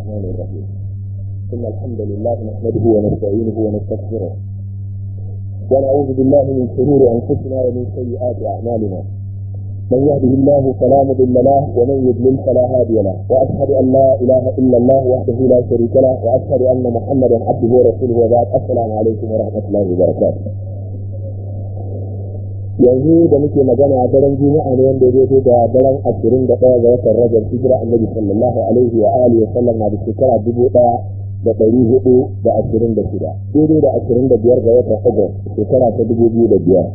الرحمن الرحيم ثم الحمد لله نحمده ونستعينه ونستغفره ونعوذ بالله من شرور انفسنا ومن سيئات اعمالنا من يهده الله فلا مضل له ومن يضلل فلا هادي له واشهد ان لا اله الا الله وحده لا شريك له واشهد ان محمدا عبده ورسوله وبعد السلام عليكم ورحمه الله وبركاته yanzu da muke magana a daren juma'a ne wanda ya zo da daren ashirin da ɗaya ga watan rajar hijira annabi sallallahu alaihi wa alihi wa sallam na da shekara dubu ɗaya da ɗari hudu da ashirin da shida daidai da ashirin da biyar ga watan agus shekara ta dubu biyu da biyar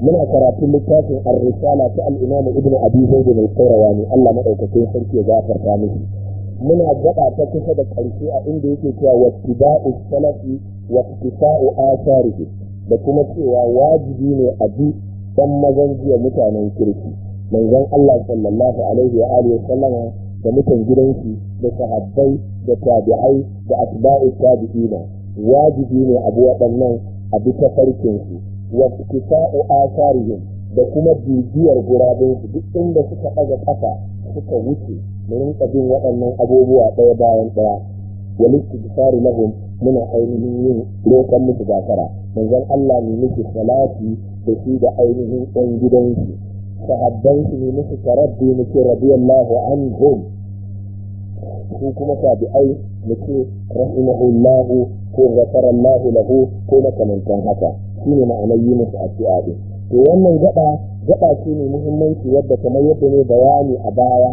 muna karatun littafin ar-risala ta al-imam ibnu abi zaid al-qayrawani Allah madaukakin sarki ya gafarta miki. muna gaba ta kusa da ƙarshe a inda yake cewa wattiba'u salafi wa iktisa'u atharihi da kuma cewa wajibi ne a bi dan mazan jiya mutanen kirki manzon Allah sallallahu alaihi wa alihi sallama da mutan gidansu da sahabbai da tabi'ai da tabi'i tabi'ina wajibi ne abu waɗannan a bisa ta farkin su wa kita'u asarihim da kuma bibiyar gurabin su duk inda suka ɗaga ƙafa suka wuce mu rinka bin waɗannan abubuwa ɗaya bayan ɗaya wa lahum muna ainihin yin roƙon musu gafara manzon Allah ne miki salati da shi da ainihin ɗan gidansu sahabbansu ne musu tarabbi muke radiyallahu anhum ko kuma tabi'ai muke rahimahullahu ko ghafarallahu lahu ko makamantan haka shine ma'anar yi musu addu'a din to wannan gaba gaba ce ne muhimmanci yadda kamar yadda ne bayani a baya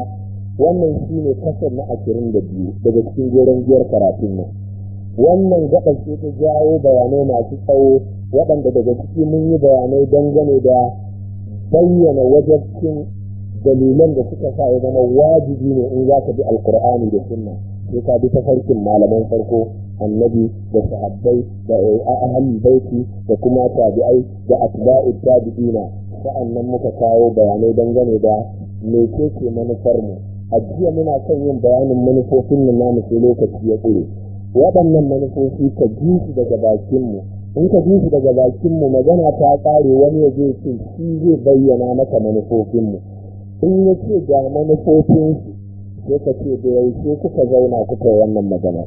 wannan shine kasar na ashirin da biyu daga cikin goron biyar karatunmu. wannan gaɓar ce ta jawo bayanai masu tsawo waɗanda daga ciki mun yi bayanai dangane da bayyana wajen dalilan da suka sa ya zama wajibi ne in za ka bi alkur'ani da sunna sai ka bi tafarkin malaman farko annabi da sahabbai da eh, ahalin baiti da kuma tabi'ai da atba'u tabi'ina nan muka kawo bayanai dangane da me ke manufar mu a jiya muna son yin bayanin manufofin nan namu sai lokaci ya ƙure waɗannan manufofi ka ji su daga bakinmu in ka ji su daga bakinmu magana ta ƙare wani ya zai ce shi zai bayyana maka manufofinmu in ya ce ga manufofinsu sai ka ce da yaushe kuka zauna kuka wannan magana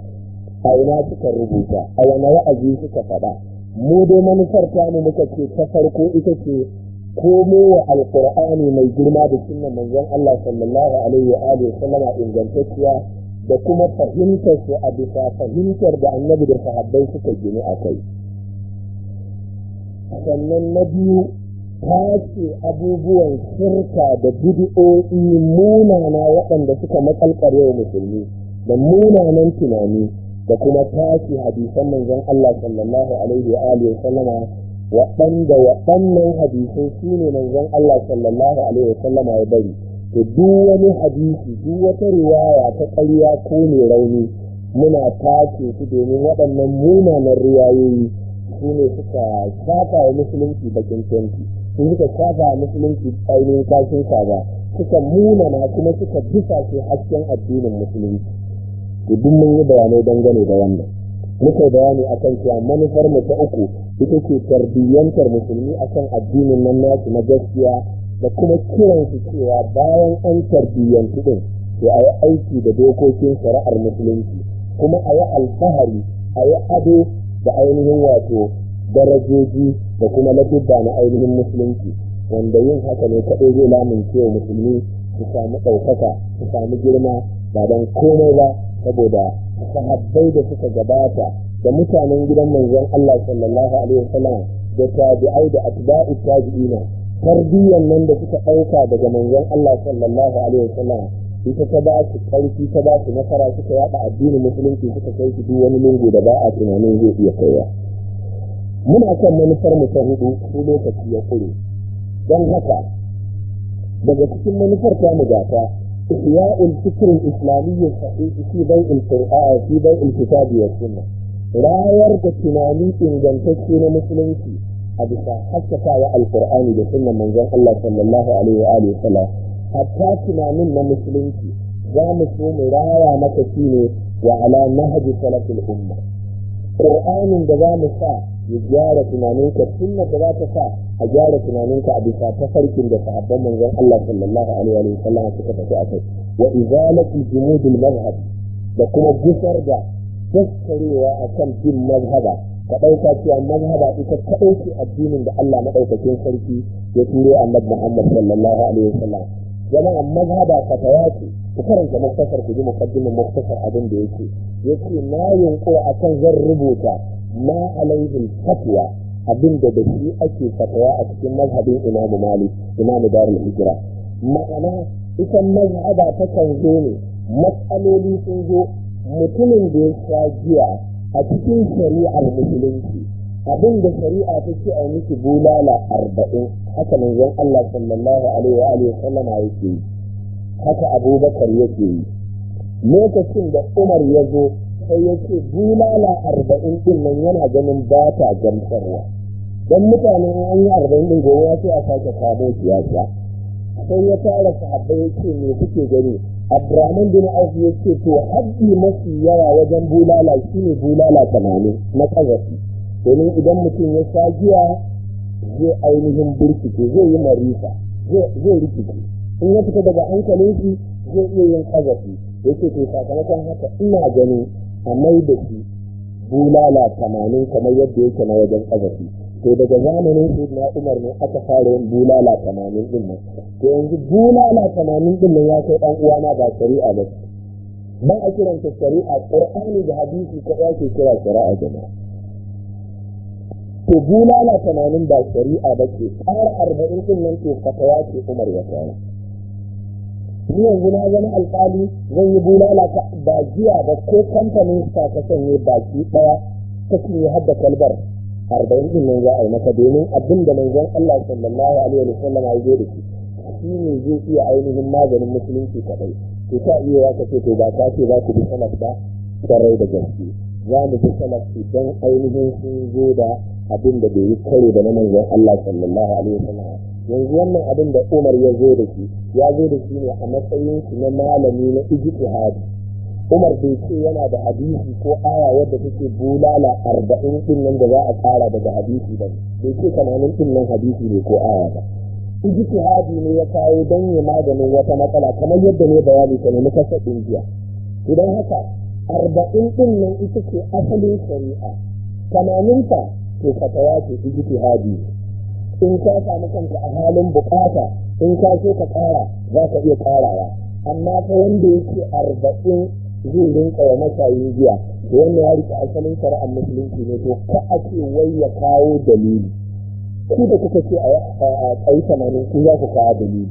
a ina suka rubuta a wani wa'azi suka faɗa mu dai manufar ta mu muka ce ta farko ita ce komo wa alkur'ani mai girma da sunan manzon Allah sallallahu alaihi wa alihi sallama ingantacciya da kuma fahimtar su a bisa fahimtar da annabi da sahabbai suka gini a kai sannan na biyu ta ce abubuwan shirka da bidi'o'i munana waɗanda suka makalkare wa musulmi da munanan tunani da kuma tashi hadisan manzon Allah sallallahu alaihi wa alihi sallama waɗanda waɗannan hadisai shine manzon Allah sallallahu alaihi wa sallama ya bari da duk wani hadisi duk wata riwaya ta ƙarya ko mai rauni muna tace su domin waɗannan munanan riwayoyi su ne suka shafa wa musulunci bakin tenti su suka shafa wa musulunci ainihin kashin kaza suka munana kuma suka bisa shi hasken addinin musulunci to duk mun yi bayanai dangane da wannan muka bayani kan cewa manufar mu ta uku ita ce tarbiyyantar musulmi a kan addinin nan nasu na gaskiya da kuma kiran su cewa bayan an tarbiyyantu ɗin to a yi aiki da dokokin shari'ar musulunci kuma a yi alfahari a yi ado da ainihin wato darajoji da kuma ladubba na ainihin musulunci wanda yin haka ne kaɗai zai lamun cewa musulmi su sami ɗaukaka su sami girma ba don komai ba saboda sahabbai da suka gabata da mutanen gidan manzon Allah sallallahu alaihi wasallam da tabi'ai da atba'i tabi'ina tarbiyyar nan da suka ɗauka daga manzon Allah sallallahu alaihi wasallam ita ta ba su ƙarfi ta ba su nasara suka yaɗa addinin musulunci suka kai su duk wani lungu da ba a tunanin zai iya kaiwa muna kan manufar mu ta hudu ko lokaci ya kure don haka daga cikin manufar ta mu gata إحياء الفكر الإسلامي الصحيح في بيع القرآن في kitabi wa sunna. Rayar da tunani ingantacce na musulunci Abisa bisa haskakawa alkur'ani da sunan manzon Allah sallallahu alaihi wa alihi sallam hatta tunanin na musulunci za mu so mu raya maka shi ne wa ala nahji salatul umma qur'anin da za mu sa ya gyara tunaninka sunnar da za ta sa a gyara tunaninka abisa ta farkin da sahabban manzon Allah sallallahu alaihi wa sallam suka tafi akai. wa izalatul jumudul mazhab da kuma gusar da daskarewa akan bin mazhaba ka ɗauka cewa mazhaba ita kaɗai ce addinin da Allah maɗaukakin sarki ya turo annabi Muhammad sallallahu alaihi wasallam jama'a mazhaba fataya ce ku karanta muktasar ku ji muqaddimin muktasar abin da yake yace na yunƙura akan zan rubuta ma alaihi fatwa abin da da shi ake fatawa a cikin mazhabin Imam Malik Imam Darul Hijra ma'ana ita mazhaba ta kan zo ne matsaloli sun zo mutumin da ya sha jiya. a cikin shari'ar musulunci abin da shari'a ta ce a miki bulala arba'in haka manzon Allah sallallahu alaihi wa alihi sallama yake yi haka abubakar yake yi lokacin da umar ya zo sai ya ce bulala arba'in din nan yana ganin ba ta gamsarwa don mutane an yi arba'in din gobe ya ce a sake kamo siyasa sai ya tara sahabbai ya ce me kuke gani abrahman bin Auf ya ce to haddi mafi yawa wajen bulala shi ne bulala tamanin na kazafi domin idan mutum ya sha jiya, zai ainihin burkice zai yi marisa zai rikici in ya fita daga hankalin shi zai iya yin ƙazafi. ya ce to sakamakon haka ina gani a mai da shi bulala tamanin kamar yadda yake na wajen ƙazafi. to daga zamanin na umar ne aka fara yin bulala tamanin din nan to yanzu bulala tamanin din nan ya kai dan uwana ba shari'a ba ba a kiran ta shari'a qur'ani da hadisi ko ya ke kira shari'a jama'a to bulala tamanin ba shari'a ba ce har arba'in din nan to fatawa ce umar ya kawo ni yanzu na zama alƙali zan yi bulala ba jiya ba ko kamfanin sa ka sanye baki ɗaya ta cinye hadda kalbar arba'in din nan za a yi maka domin abin da manzon Allah sallallahu alaihi wa sallam ya zo da shi shi ne zai iya ainihin maganin musulunci kadai to ta iya ya kace to ba ka ce za ku bi salaf ba sarai da gaske za mu bi salaf idan ainihin sun zo da abin da bai yi kare da na manzon Allah sallallahu alaihi wa sallam yanzu wannan abin da Umar ya zo da shi ya zo da shi ne a matsayin shi na malami na ijtihadi umar bai ce yana da hadisi ko aya wadda take bulala arba'in din nan da za a tsara daga hadisi ba bai ce tamanin din nan hadisi ne ko aya ba ijtihadi ne ya kawo don ya maganin wata matsala kamar yadda ne bayani ta nemi kasa jiya idan haka arba'in din nan ita ce asalin shari'a kananinta ta to fatawa ce ijtihadi in ka samu kanka a halin bukata in ka so ka tsara za ka iya tsarawa amma ta wanda yake arba'in zai rinka wa mashayin giya to wannan ya rike asalin shari'ar musulunci ne to ka a ce wai ya kawo dalili ku da kuka ce a tsayi tamanin ku za ku kawo dalili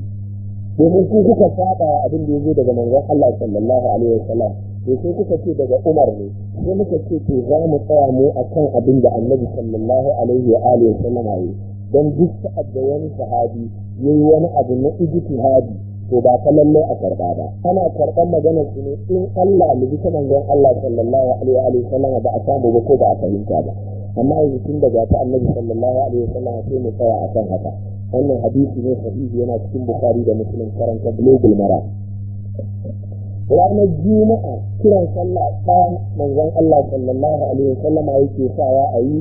domin ku kuka saba abin da ya zo daga manzon Allah sallallahu alaihi wasallam to sai kuka ce daga Umar ne sai muka ce to za mu tsaya mu akan abin da Annabi sallallahu alaihi wa alihi wasallam ya yi dan duk sa'ad da wani sahabi yayi wani abu na ijtihadi to ba ta lallai a karɓa ba ana karɓar maganar su ne in Allah mu ji ta manzon Allah sallallahu alaihi wa sallam ba a samu ba ko ba a fahimta ba amma yanzu tun daga ta annabi sallallahu alaihi wa sallam sai mu tsaya akan haka wannan hadisi ne sahihi yana cikin bukhari da muslim karanta Global mara ranar juma'a kiran sallah ɗaya manzon Allah sallallahu alaihi wa sallam yake sawa a yi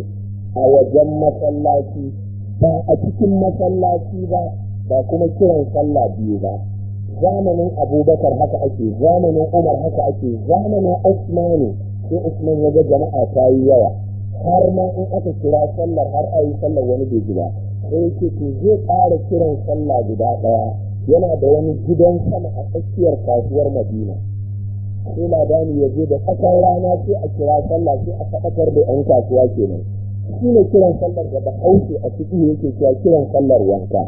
a wajen masallaci ba a cikin masallaci ba ba kuma kiran sallah biyu ba zamanin abubakar haka ake zamanin umar haka ake zamanin usmanu sai usman ya ga jama'a ta yi yawa har ma in aka kira sallar har ayi sallar wani bai gida sai yake to zai ƙara kiran sallah guda ɗaya yana da wani gidan sama a tsakiyar kasuwar madina sai ladani ya je da tsakar rana sai a kira sallah sai a faɗakar da 'yan kasuwa kenan shi ne kiran sallar da bahaushe a ciki yake cewa kiran sallar wanka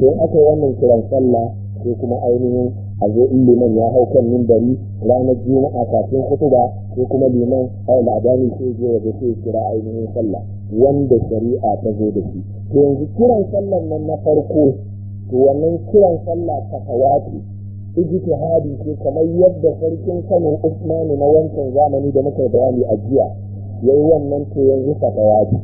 don aka wannan kiran sallah ko kuma ainihin a zo in liman ya hau kan mimbari ranar juma'a kafin ba. ko kuma liman ai labari zo ya waje sai kira ainihin sallah wanda shari'a ta zo da shi to yanzu kiran sallar nan na farko to wannan kiran sallah ta ta ijtihadi ce kamar yadda sarkin Kano Usmanu na wancan zamani da muka bayani a jiya yayi wannan to yanzu ta hawati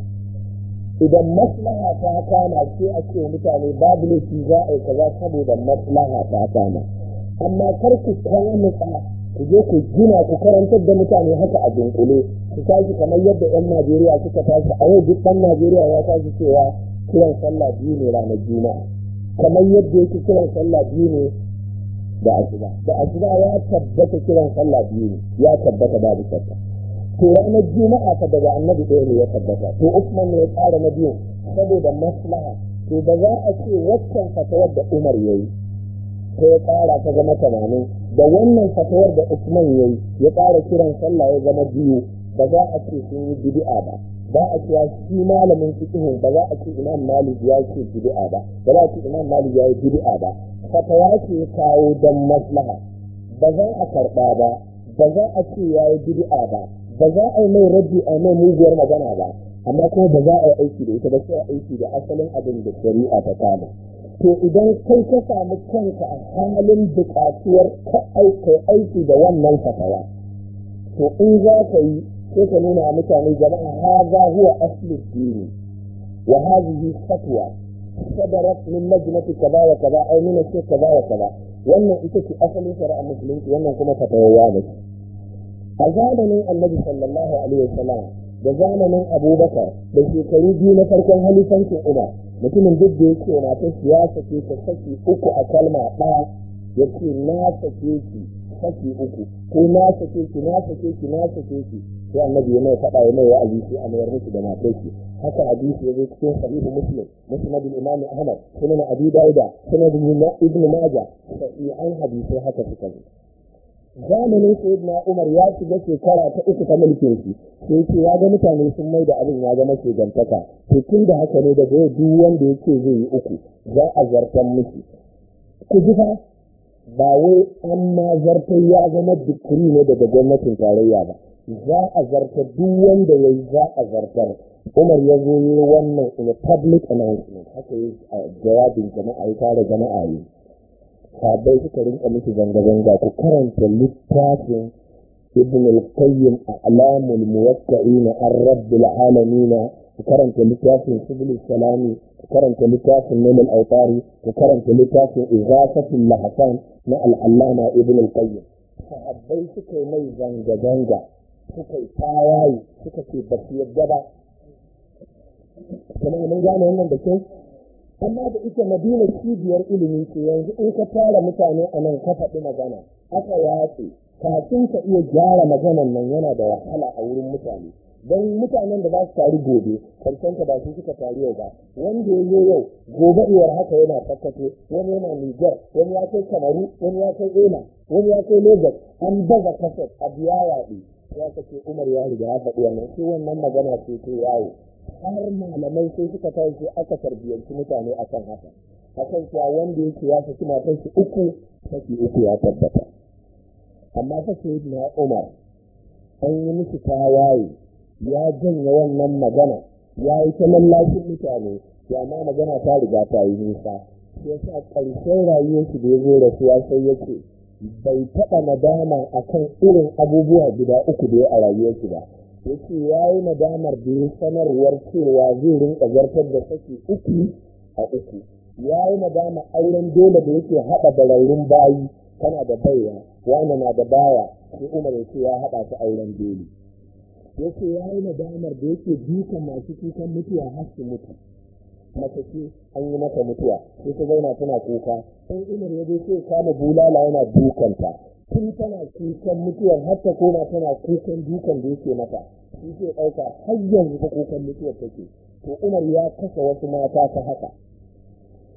idan maslaha ta kama ce a ce mutane babu laifi za a yi kaza saboda maslaha ta kama amma kar ku kawo mutsa ku je ku gina ku karantar da mutane haka a dunkule ku tashi kamar yadda yan najeriya suka tashi a yau duk ɗan najeriya ya tashi cewa kiran sallah biyu ne ranar juma'a kamar yadda yake kiran sallah biyu ne da asuba da asuba ya tabbata kiran sallah biyu ne ya tabbata babu shakka to ranar juma'a ta daga annabi ɗaya ne ya tabbata to usman ne ya tsara na biyu saboda maslaha to da za a ce waccan fatawar da umar ya yi sai ya tsara ta zama tamanin da wannan fatawar da usman ya yi ya tsara kiran sallah ya zama biyu ba za a ce sun yi bid'a ba ba a ce shi malamin fiqh ba za a ce imam malik ya ce bid'a ba ba za a ce imam malik ya yi bid'a ba fatawa ce kawo dan maslaha ba za a karɓa ba ba za a ce ya yi bid'a ba ba za a yi mai rabbi a mai muguwar magana ba amma kuma ba za a yi aiki da ita ba sai aiki da asalin abin da shari'a ta kama to idan kai ka sami kanka a halin bukatuwar ka aiki da wannan fatawa to in za ka yi sai ka nuna mutane jama'a za huwa asli dini wa hadhihi fatwa sadarat min majnati kaza wa kaza ay min kaza wa kaza wannan ita ce asalin shari'a musulunci wannan kuma fatawa ya a zamanin annabi sallallahu alaihi wasallam da zamanin abubakar da shekaru biyu na farkon halifancin umar mutumin duk da yake matar siyasa ce ta saki uku a kalma ɗaya ya ce na sake ki saki uku ko na sake ki na sake ki na sake ki sai annabi ya mai faɗa ya mai wa'azi sai a mayar musu da matar ki haka hadisi ya zo cikin sahihu muslim musnadul imam ahmad sunan abi dauda sunan ibn majah sai an hadisi haka suka zo zamanin sayid umar ya shiga shekara ta uku ta mulkin shi sai ce ya ga mutane sun mai da abin ya zama gantaka to tun da haka ne daga yau duk wanda yake zai yi uku za a zartan miki ku ji fa ba wai an ma zartar ya zama dukuri ne daga gwamnatin tarayya ba za a zartar duk wanda ya yi za a zartar umar ya zo yi wannan in a public announcement haka yi jawabin jama'a ya tara jama'a yi sabai suka rinka miki zanga-zanga ku karanta littafin ibn al-qayyim a'lamul muwakka'ina an rabbil alamin ku karanta littafin subul salami ku karanta littafin nail al-awtari ku karanta littafin izafatul lahasan na al-allama ibn al-qayyim sahabbai suka mai zanga-zanga suka yi suka ce ba su yadda ba kuma mun gane wannan da kyau amma da ita madina cibiyar ilimi ce yanzu in ka tara mutane a nan ka faɗi magana aka yace kafin ka iya gyara maganan nan yana da wahala a wurin mutane don mutanen da za su taru gobe karshen ka ba su suka taru yau ba wanda ya yi yau gobe iyar haka yana tabbato wani yana niger wani ya kai kamaru wani ya kai ena wani ya kai lagos an baza kasar abu ya yaɗu ya kace umar ya riga ya faɗi wannan shi wannan magana ce ta yawo har malamai sai suka tashi aka tarbiyyanci mutane akan haka akan cewa wanda ce ya saki suna shi uku saki uku ya tabbata amma ta sai na Umar an yi musu tawaye ya janye wannan magana ya yi ta lallashin mutane ya ma magana ta riga ta yi nisa ya sa ƙarshen rayuwarsu da ya zo suwa sai ya ce bai taɓa nadama akan irin abubuwa guda uku da ya a rayuwarsu ba yake ya yi nadamar da ya sanarwar cewa zai rinka zartar da saki uku a uku ya yi nadama auren dole da yake haɗa bararrun bayi kana da baiwa wani na da baya sai umar ya ce ya haɗa su auren dole yake ya yi nadamar da yake duka masu kukan mutuwa har su mutu Mata ce an yi mata mutuwa sai ta zauna tana kuka sai umar ya je sai kama bulala yana dukanta tun tana kukan mutuwar har ta koma tana kukan dukan da yake mata shi ke ɗauka har yanzu ta kukan mutuwar take to umar ya kasa wasu mata ta haka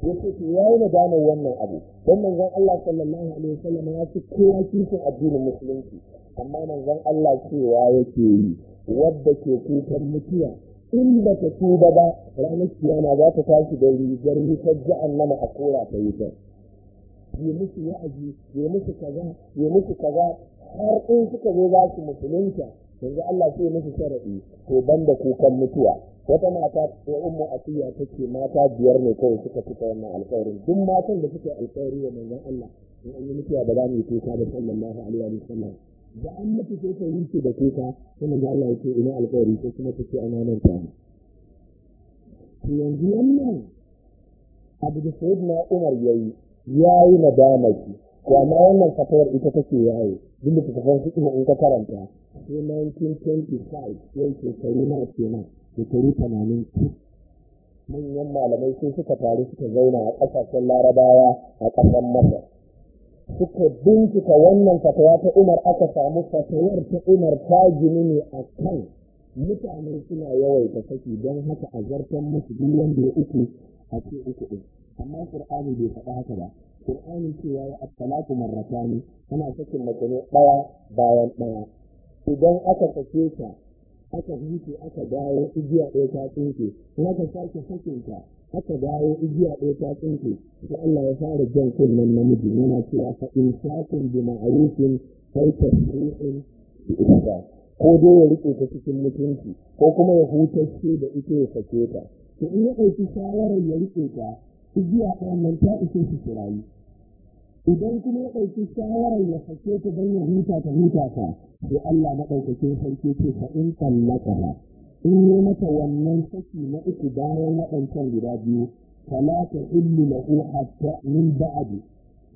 ya ce to ya yi wannan abu don manzon Allah sallallahu alaihi wasallam ya fi kowa kishin addinin musulunci amma manzon Allah cewa yake yi wadda ke kukan mutuwa in ba ta tuba ba ranar kiyama za ta tashi da rigar wutar ja'annama a kora ta yi ta. yi musu wa'azi yi musu kaza yi musu kaza har in suka zo za su musulunta yanzu Allah sai musu sharaɗi to banda kukan mutuwa wata mata ko ummu asiya take mata biyar ne kawai suka fita wannan alƙawarin duk matan da suke alƙawari wa manzon Allah in an yi mutuwa ba za mu yi kuka ba sallallahu alaihi wa sallam da an mutu sai ta yi da kuka sai manzon Allah yake ina alƙawari sai kuma take ce amanar ta yanzu wannan abu da sayyidina Umar yayi ya yi na damaki. to wannan fatawar ita take yayi duk da tafafan in ka karanta sai 1925 yau shekaru na kenan shekaru 80 manyan malamai sai suka taru suka zauna a ƙasashen larabawa a ƙasar masar suka bincika wannan fatawa ta umar aka samu fatawar ta umar ta gini ne a kan mutane suna yawaita saki don haka a zartan musu duk wanda uku a ce uku uku amma qur'ani bai faɗa haka ba qur'ani cewa ya at-talaqu marratani ana sakin mutane ɗaya bayan ɗaya idan aka sake ta aka huce aka dawo igiya ɗaya ta tsinke in aka sake sakin ta aka dawo igiya ɗaya ta tsinke sai Allah ya fara jan kunnan namiji yana cewa fa in sakun bi ma'rufin fa ko dai ya rike ta cikin mutunci ko kuma ya hutar da ita ya sake ta to in ya ɗauki shawarar ya rike ta igiya ɗayan nan ta ishe su kirayi idan kuma ya ɗauki shawarar ya sake ta don ya huta ta huta ta to Allah ɗaukake sarki ce ta in tallaka in yi mata wannan saki na uku bayan waɗancan guda biyu fala ta illu ko hatta min ba'adi.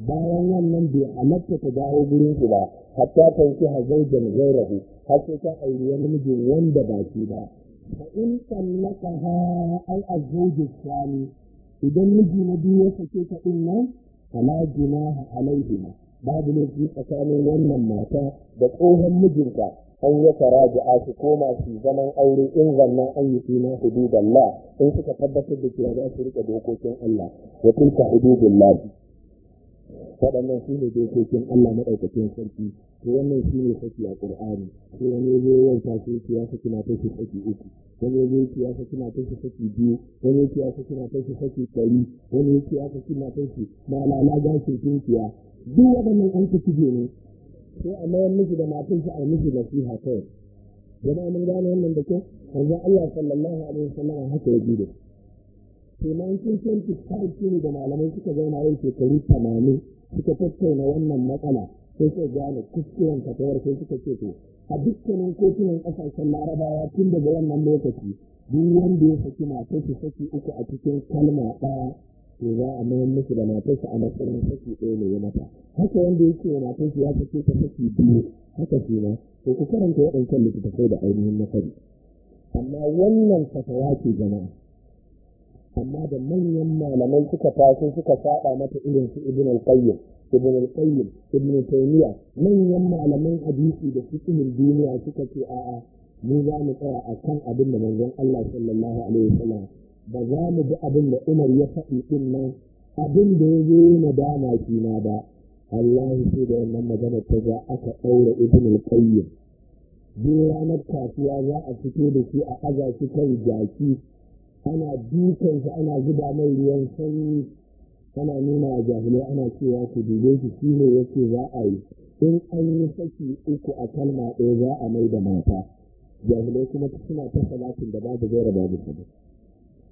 bayan wannan bai halatta ta dawo gurin ku ba hatta ta yi ha zaujan gairahu har sai ta aure wani mijin wanda ba shi ba Ta in tallaka ha ai azzawju sani idan miji na biyu ya sake ta din nan fala junaha alaihima babu laifi tsakanin wannan mata da tsohon mijinta an ya fara da su koma su zaman aure in zannan an yi suna hududallah in suka tabbatar da cewa za su rika dokokin Allah wa tilka hududullah waɗannan su ne dokokin Allah maɗaukakin sarki to wannan shi ne saki a ƙur'ani sai wani ya zo yau ta shi ya saki na ta saki uku wani ya zo ya saki na ta saki biyu wani ya saki na ta saki ɗari wani ya saki na ta ga malala gashin tunkiya duk waɗannan an ka shige ne sai a mayar musu da matan shi a miki nasiha kai jama'a mun gane wannan da kyau manzon Allah sallallahu alaihi wasallam haka ya bi da to 1925 ne da malamai suka zauna yau shekaru 80 suka tattauna wannan matsala sai suka gane kuskuren fatawar sai suka ce to a dukkanin kotunan ƙasashen larabawa tun daga wannan lokaci duk wanda ya saki mata su saki uku a cikin kalma ɗaya to za a mayar musu da mata su a matsayin saki ɗaya ne ya mata haka wanda yake wa mata su ya saki ta saki biyu haka shi ma to ku karanta waɗancan littattafai da ainihin nasari amma wannan fatawa ke jama'a amma da manyan malamai suka taso suka saba mata irin su ibn al-qayyim ibn al-qayyim ibn taymiya manyan malaman hadisi da cikin duniya suka ce a'a mu za mu tsaya a kan abin da manzon Allah sallallahu alaihi wasallam ba za mu bi abin da Umar ya faɗi din nan abin da ya zo na dama kina ba Allah sai da wannan magana ta ga aka daura ibn al-qayyim duk ranar kasuwa za a fito da shi a aza shi kan jaki ana dukan shi ana zuba mai ruwan sanyi ana nuna a jahilai ana cewa ku dube shi shi ne yake za a yi in an yi saki uku a kalma ɗaya za a mai da mata jahilai kuma suna ta salatin da babu raba babu sabu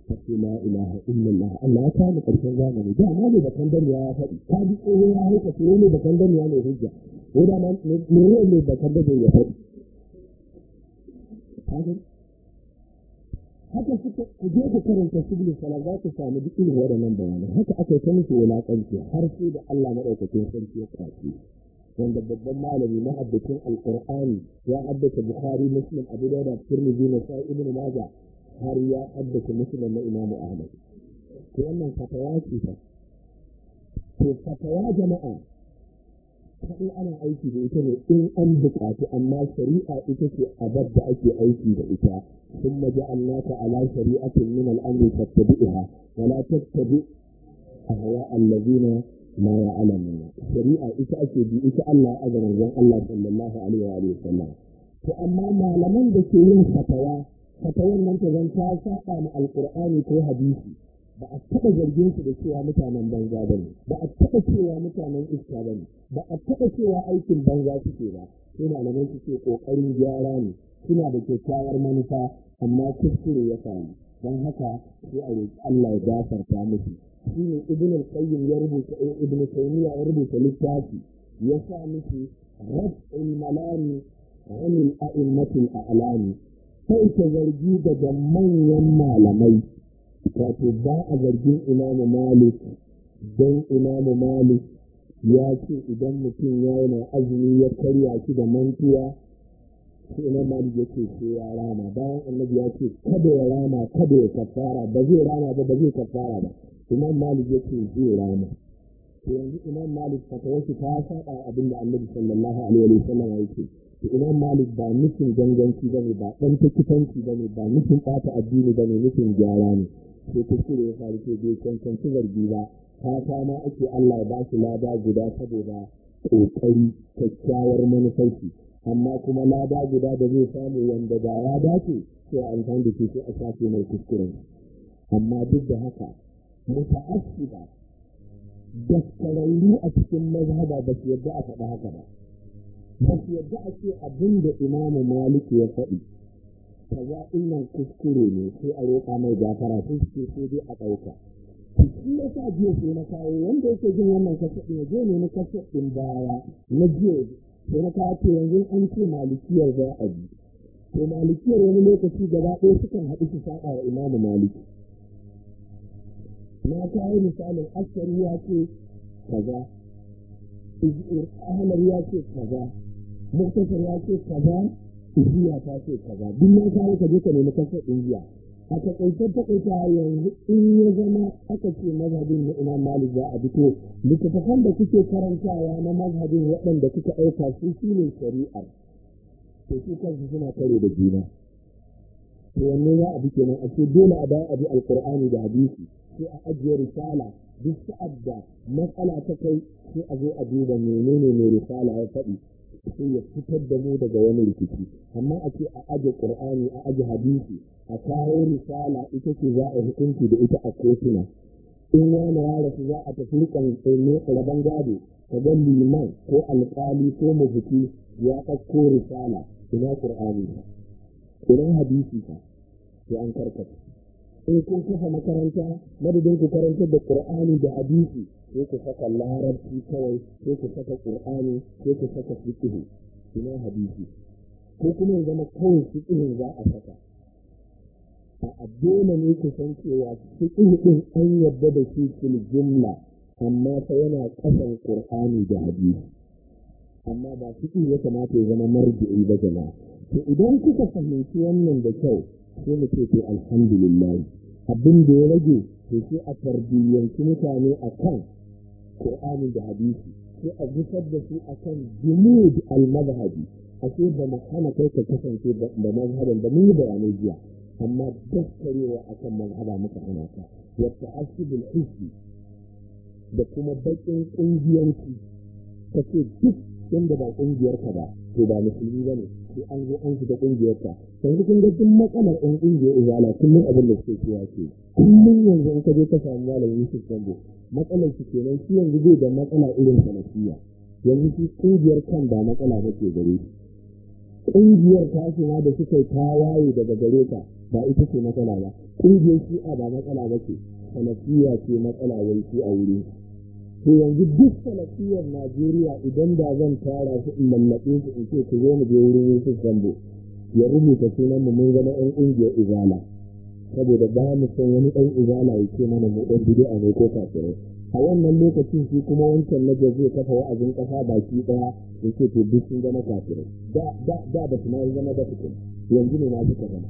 kace la ilaha illallah Allah ya kawo ƙarshen zamani da ma ne da kandamiya ya faɗi Ta bi tsoho ya hauka ko ne da ya ne hujja ko da ma ne ne da kandamiya ya faɗi haka suka ku je ku karanta sibili sala za ku samu duk irin waɗannan bayanai haka aka ta musu wulaƙanci har sai da Allah maɗaukakin sarki ya kwace wanda babban malami mahaddacin alƙur'ani ya haddace bukhari muslim abu dauda tirmidhi na sai ibn majah har ya haddace muslim na imamu ahmad to wannan fatawa ce fa to fatawa jama'a in ana aiki da ita ne in an buƙatu amma shari'a ita ce abar da ake aiki da ita sun maji annaka ala shari'atin min al'amri fattabi'ha wa la tattabi ahwa allazina la ya'lamuna shari'a ita ake bi ita Allah a azama Allah sallallahu alaihi wa alihi wasallam to amma malaman da ke yin fatawa fatawar nan ta zan saba ma alqur'ani ko hadisi ba a taɓa zargin su da cewa mutanen banza ba ne ba a taɓa cewa mutanen iska ba ne ba a taɓa cewa aikin banza suke ba sai malaman su ce ƙoƙarin gyara ne suna da kyakkyawar manufa amma kuskure ya samu don haka sai a roƙi Allah ya gafarta musu shi ne ibn al-qayyim ya rubuta eh, ibn taymiya ya rubuta littafi ya sa musu raf'ul malami anil a'immatil a'lami sai ta zargi daga manyan malamai wato ba a zargin imamu malik don imamu malik ya ce idan mutum ya yi mai azumi ya karya shi da mantuwa shi imam malik ya ce sai ya rama bayan annabi ya ce kada ya rama kada ya kafara ba zai rama ba ba zai kafara ba imam malik ya ce zai rama to yanzu imam malik fatawarsa ta saba abin da annabi sallallahu alaihi wa sallam ya ce to imam malik ba nufin ganganci ba ne ba ɗan takitanci ba ne ba nufin ɓata addini ba ne nufin gyara ne ko cire ya faru ke bai cancanci zargi ba ta kama ake Allah ya ba shi lada guda saboda kokari kyakkyawar manufarki amma kuma lada guda da zai samu wanda ba ya dace sai an san da shi a shafi mai kuskuren amma duk da haka muta'assiba daskararru a cikin mazhaba ba su yadda a faɗa haka ba ba su yadda a ce abin da imamu maliki ya faɗi kaza innan kuskure ne sai a roƙa mai gafara sun su ce sai dai a ɗauka shi ya sa jiya sai na kawo wanda yake jin wannan kasa, ɗin je ne na ɗin baya na jiya sai na kawo ce yanzu an ce malikiyar za a bi to malikiyar wani lokaci gaba ɗaya sukan haɗu su saɓa wa imamu maliki na kawo misalin asari ya ce kaza ahmar ya ce kaza muktasar ya ce kaza indiya ta ce kaza duk na kawo ka duka ka na indiya a takaice takaita yanzu in ya zama aka ce mazhabin na imam malik za a fito littattafan da kuke karantawa na mazhabin waɗanda kuka aika su shi ne shari'ar to su kansu suna kare da juna to wanne za a bi kenan a ce dole a bayan abu alkur'ani da hadisi sai a ajiye risala duk sa'ad da matsala ta kai sai a zo a duba menene ne risala ya faɗi sai ya fitar da mu daga wani rikici amma a ce a aje qur'ani a aje hadisi a kawo risala ita ce za a hukunci da ita a kotuna in wani ya rasu za a tafi rikan ne rabon gado ka ga liman ko alƙali ko mafuki ya ɗauko risala ina qur'ani idan hadisi ba sai an karkata in kun kafa makaranta madadin ku karantar da qur'ani da hadisi sai ku saka larabci kawai sai ku saka qur'ani sai ku saka fiqh ina hadisi ko kuma ya zama kawai fiqh za a saka a dole ne ku san cewa fiqh din an yadda da shi cikin jumla amma ta yana ƙasan qur'ani da hadisi amma ba fiqh ya kamata ya zama marji'i ba jama'a to idan kuka fahimci wannan da kyau sai mu ce to alhamdulillah abin da ya rage to sai a tarbiyyanci mutane a kan Qur'ani da hadisi sai a gusar da su akan jumud al-mazhabi ashe ba mu hana kai ka kasance da mazhaban da mun yi bayanai jiya amma daskarewa akan mazhaba muka hana ka wa ta'assubul da kuma bakin kungiyanci kace duk wanda ba kungiyarka ba to ba musulmi bane sai an zo an shiga ƙungiyarta kan kun ga duk matsalar ɗan ƙungiyar izala kullum abin da suke cewa ke kullum yanzu in ka je ka samu malam yusuf sambo matsalar shi kenan shi yanzu zai da matsala irin salafiya yanzu shi ƙungiyar kan ba matsala ba ke gare shi ƙungiyar tashi ma da suka yi waye daga gare ka, ba ita ce matsala ba ƙungiyar shi'a ba matsala ba ce salafiya ce matsala wai a wurin shi to yanzu duk salafiyar najeriya idan da zan tara su in mallaɓe su in ce ku zo mu je wurin yusuf zambo ya rubuta sunan mu mun zama yan ƙungiyar izala saboda ba mu san wani ɗan izala ya ce mana mu ɗan a mai ko kafirai a wannan lokacin shi kuma wancan na zai kafa wa'azin ƙasa baki ɗaya ya ce to duk sun zama kafirai da ba su ma zama ba kuma yanzu ne na ji ka zama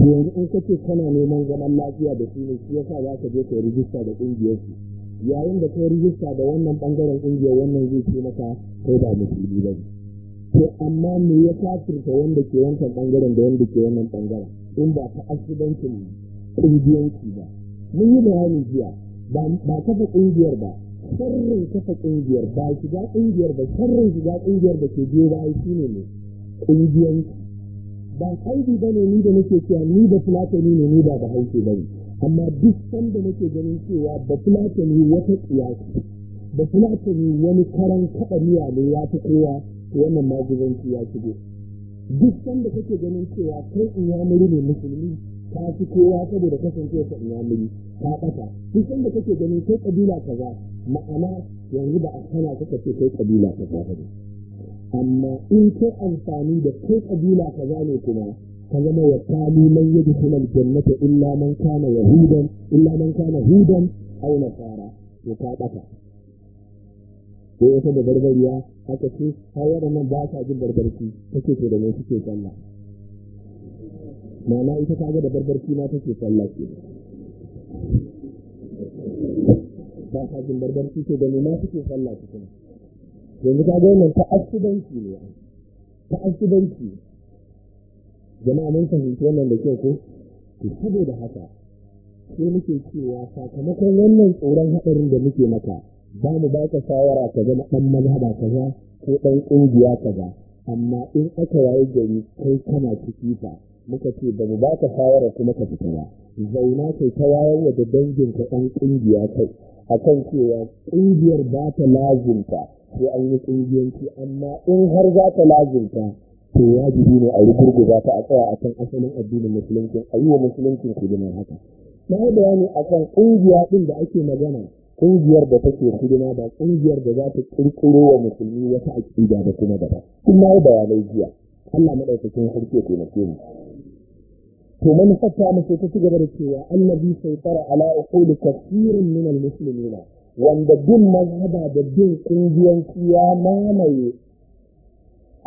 to yanzu in ka ce kana neman zaman lafiya da su ne shi yasa za ka je ka yi rijista da ƙungiyar su yayin da kai rijista da wannan bangaren ƙungiyar wannan zai ce maka kai ba musulmi ba to amma me ya kafirta wanda ke wancan bangaren da wanda ke wannan bangaren in ba ta asibancin ƙungiyanci ba mun yi bayani jiya ba kafa ƙungiyar ba sharrin kafa ƙungiyar ba shiga ƙungiyar ba sharrin shiga ƙungiyar da ke biyo ba ai shine ne ƙungiyanci ba kai ba ne ni da nake cewa ni da fulatani ne ni ba da haike ba amma duk sanda nake ganin cewa ba fulatani wata tsiyaki ba fulatani wani karan kaɗa miya ne ya fi kowa to wannan maguzanci ya shigo duk sanda kake ganin cewa kai in muri ne musulmi ka fi kowa saboda kasance ka muri ka ɓata duk sanda kake ganin kai ƙabila kaza ma'ana yanzu ba a hana ka kace kai ƙabila kaza ba amma in kai amfani da kai ƙabila kaza ne kuma Ka zama wa kalu lan yadkhul jannata illa man kana yahudan illa man kana hudan aw nasara to ka baka ko wata da barbariya haka ce hawa da nan ba sa jin barbarci take to da ne suke sallah ma'ana ita ta ga da barbarci ma take sallah ce ba sa jin barbarci ce da ne ma suke sallah ce kuma yanzu ka ga wannan ta asibanci ne ta asibanci jama'a mun fahimci wannan da kyau ko to saboda haka sai muke cewa sakamakon wannan tsoron haɗarin da muke maka ba mu ba ka shawara ka zama ɗan mazhaba kaza ko ɗan ƙungiya kaza amma in aka waye gari kai kana ciki fa muka ce ba mu ba ka shawara kuma ka fita ba zauna kai ta wayar wa da dangin ka ɗan ƙungiya kai akan cewa ƙungiyar ba ta lazimta sai an yi ƙungiyanci amma in har za ta lazimta to wajibi ne a rugurguza ta a tsaya a kan asalin addinin musulunci a yi wa musulunci hidima haka na yi bayani a kan ƙungiya ɗin da ake magana ƙungiyar da take hidima ba ƙungiyar da za ta ƙirƙiro wa musulmi wata aƙida da kuma daban kun na yi bayanai jiya Allah maɗaukakin sarki ya taimake ni. to manufar ta mace ta ci gaba da cewa annabi sautara ala uquli kafirin min almuslimina wanda bin mazhaba da bin kungiyanci ya mamaye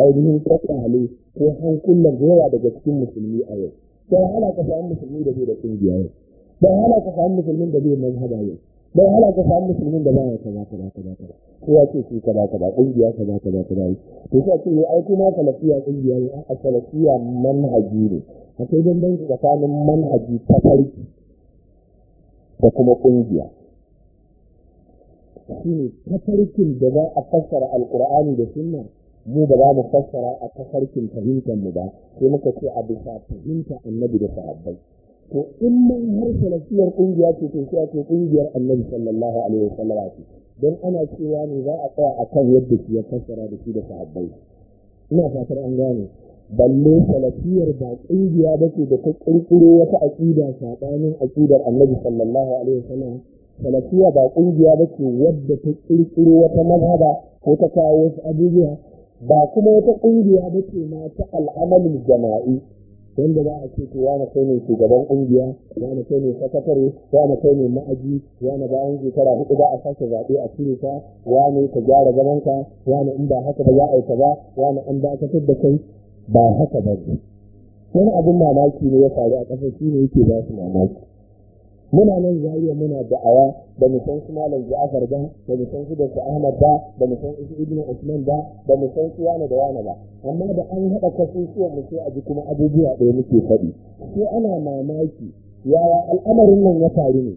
ainihin kwakwale ko hankulan yawa daga cikin musulmi a yau sai hana ka samu musulmi da bai da kungiya yau sai hana ka samu musulmin da bai mazhaba yau bai hana ka samu musulmin da ba ya kaza kaza kaza kaza ko ya ce shi kaza kaza kungiya kaza kaza kaza to sai ce ai kuma salafiya kungiya ne a salafiya manhaji ne akwai bambanci tsakanin manhaji ta farki da kuma kungiya shi ne ta farkin da za a fassara alkur'ani da sunna mu ba za mu fassara a tafarkin fahimtar mu ba sai muka ce a bisa fahimta annabi da sahabbai to in mun har salafiyar kungiya ce to sai ce kungiyar annabi sallallahu alaihi wasallam ce dan ana cewa ne za a tsaya akan yadda shi ya fassara da shi da sahabbai ina fatar an gane balle salafiyar ba kungiya ba ce da ta kirkiro wata aqida sabanin aqidar annabi sallallahu alaihi wasallam salafiya ba kungiya ba ce wadda ta kirkiro wata mazhaba ko ta kawo wasu abubuwa ba kuma wata ƙungiya ba ce ma ta al'amalin jama'i wanda za a ce to wani kai ne shugaban ƙungiya wani kai ne sakatare wani kai ne ma'aji wani bayan shekara hudu za a sake zaɓe a cire ka wani ka gyara zamanka wani in ba haka ba za a yi ba wani an ba ka da kai ba haka ba wani abin mamaki ne ya faru a ƙasar shi ne yake ba su mamaki muna nan zariya muna da'awa da mu san su malam Ja'far ba da mu san su da su Ahmad ba da mu san su Ibn Usman ba da mu san su yana da wani ba amma da an haɗa kasusuwan mu sai a ji kuma abubuwa ɗaya muke faɗi sai ana mamaki yaya al'amarin nan ya faru ne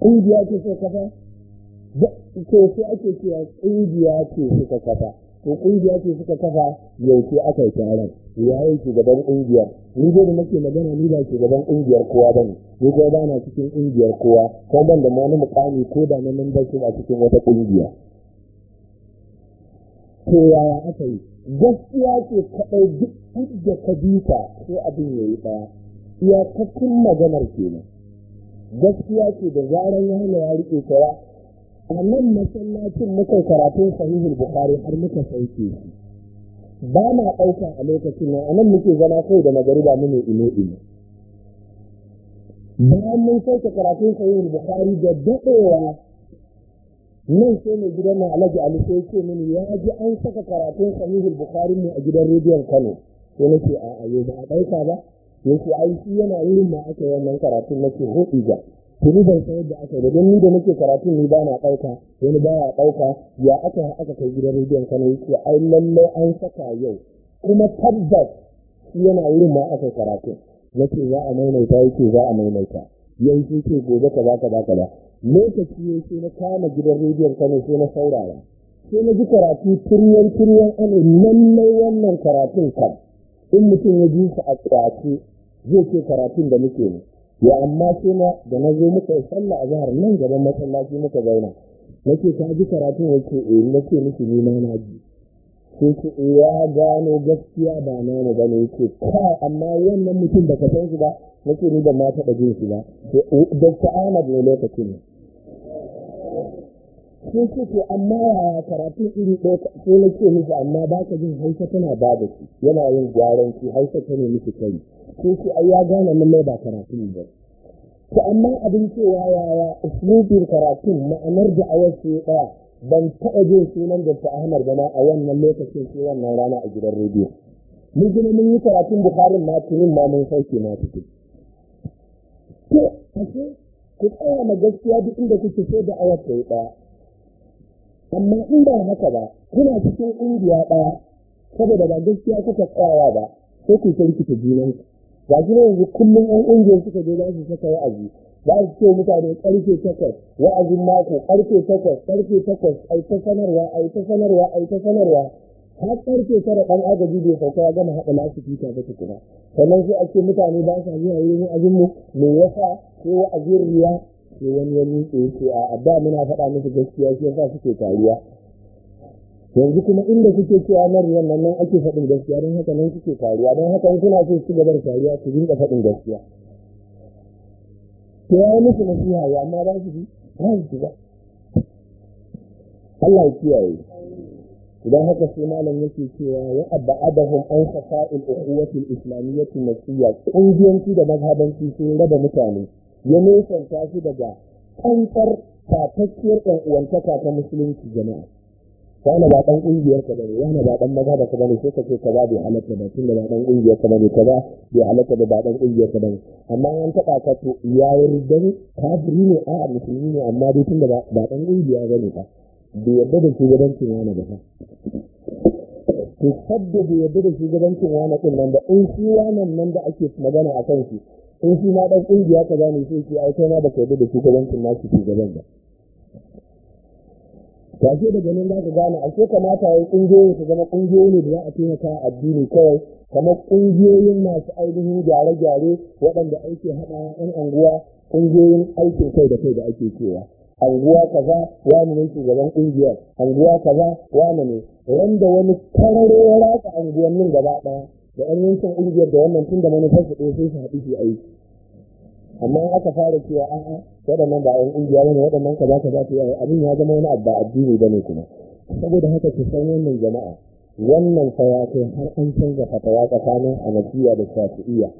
ƙungiya ce sai kafa ko sai ake cewa ƙungiya ce suka kafa ko kungiya ce suka kafa yaushe aka yi taron ya yi shugaban kungiyar ni dai da nake magana ni ba shugaban kungiyar kowa bane ni ba bana cikin ƙungiyar kowa ko ban da wani mukami ko da na bashi a cikin wata kungiya to yaya aka yi gaskiya ce kaɗai duk da ka ko abin abin ya yi ɗaya kun maganar kenan gaskiya ce da zarar ya hana ya rike kowa a masallacin muka karatun sahihul bukhari har muka sauke shi ba na ɗauka a lokacin nan a nan muke zama kai da magariba mu ne ino ino bayan mun sauke karatun sahihul bukhari da daɗewa nan sai mai gidan na alhaji ali sai ce mini ya ji an saka karatun sahihul bukhari ne a gidan rediyon kano sai nake a yau ba a ɗauka ba yake ai shi yana yin ma aka wannan karatun nake hoɗi ga tuni ban san yadda aka yi ni da nake karatun ni ba na ɗauka wani ba ya ɗauka ya aka aka kai gidan rediyon kano yake ai lalle an saka yau kuma tabbas yana wurin ma aka karatu yake za a maimaita yake za a maimaita yau shi ce gobe ka za ka ba lokaci ya ce na kama gidan rediyon kano sai na saurara sai na ji karatu turyan turyan ana lallai wannan karatun kan in mutum ya ji su a karatu zai ce karatun da muke ne ya amma suna na da na zo muka yi sallah a zahar nan gaban masallaci muka zauna nake ka ji karatu wace eh nake miki ni ma na ji sai ce eh, ya gano gaskiya ba na mu ne? yake ka amma wannan mutum da ka san shi ba nake ni da ma taɓa jin shi ba eh, Dr. ana ne lokaci ne sai ce to amma ya karatu iri ɗaya sai nake miki amma ba ka jin hausa tana ba da shi yana yin gyaran shi hausa ta ne miki kai ko shi ai ya gane lallai ba karatu ba to amma abin cewa yaya uslubin karatun ma'anar da awar ce ɗaya ban taɓa jin sunan da ta ahmar gama a wannan lokacin sai wannan rana a gidan rediyo mun gina mun yi karatun bukarin ma tunin ma mun sauke na fito ko ashe ku tsaya na gaskiya duk inda kuke so da awar ta yi ɗaya amma in ba haka ba kuna cikin ƙungiya ɗaya saboda ba gaskiya kuka tsaya ba sai ku sarki ta junanku ga shi yanzu kullum an ƙungiyar suka je za su saka wa'azi za su ce mutane ƙarfe takwas wa'azin mako ƙarfe takwas ƙarfe takwas ai ta sanarwa ai ta sanarwa ai ta sanarwa har ƙarfe tara ɗan agaji bai sauka ya gama haɗa masu fita ba tukuna sannan sai a ce mutane ba sa zuwa wurin wa'azin mu me yasa ko wa'azin riya sai wani wani nutse yake a da muna faɗa musu gaskiya shi yasa suke taruwa yanzu kuma inda kuke cewa maryam nan nan ake faɗin gaskiya don haka nan suke kariya don haka in kuna so su gaba da kariya su dinga faɗin gaskiya Ta ya yi musu nasiha ya amma ba su bi ba su ba Allah ya kiyaye idan haka sai malam yake cewa ya abba adahum an safa'il ukhuwati al-islamiyyati nasiya kungiyanci da mazhabanci sun raba mutane ya nesanta su daga kantar tatakkiyar ɗan uwantaka ta musulunci jama'a wani ba dan ƙungiyar ka bane wani ba dan maza da ka bane sai ka ce ka ba bai halatta ba da ba dan ƙungiyar ka bane ba bai halatta da ba dan ƙungiyar ka bane amma an taɓa ka to yayin ka kafiri ne a musulmi ne amma dai da ba dan ba bane ba bai yarda da shugabancin wani ba to sabda bai yarda da shugabancin wani ɗin nan da in shi wannan nan da ake magana a kan shi in shi ma dan ƙungiya ka ne sai ki ai kai ma ba ka yarda da shugabancin nashi shugaban ba ta ce daga nan za ka gane ashe kamata ya ƙungiyoyin su zama ƙungiyoyi ne da za a taimaka addini kawai kamar ƙungiyoyin masu ainihin gyare-gyare waɗanda ake haɗa yan anguwa ƙungiyoyin aikin kai da kai da ake cewa anguwa kaza wani ne shugaban ƙungiyar anguwa kaza wani ne wanda wani kararo ya ratsa anguwannin gaba ɗaya da yan yankin ƙungiyar da wannan tun da manufar su ɗaya sai su haɗu su aiki amma in aka fara cewa a'a waɗannan ba ƴan ƙungiya bane waɗannan kaza kaza to yayi abin ya zama wani abba addini ne kuma saboda haka ku san wannan jama'a wannan fa har an canza fatawa tsakanin anasiya da shafi'iya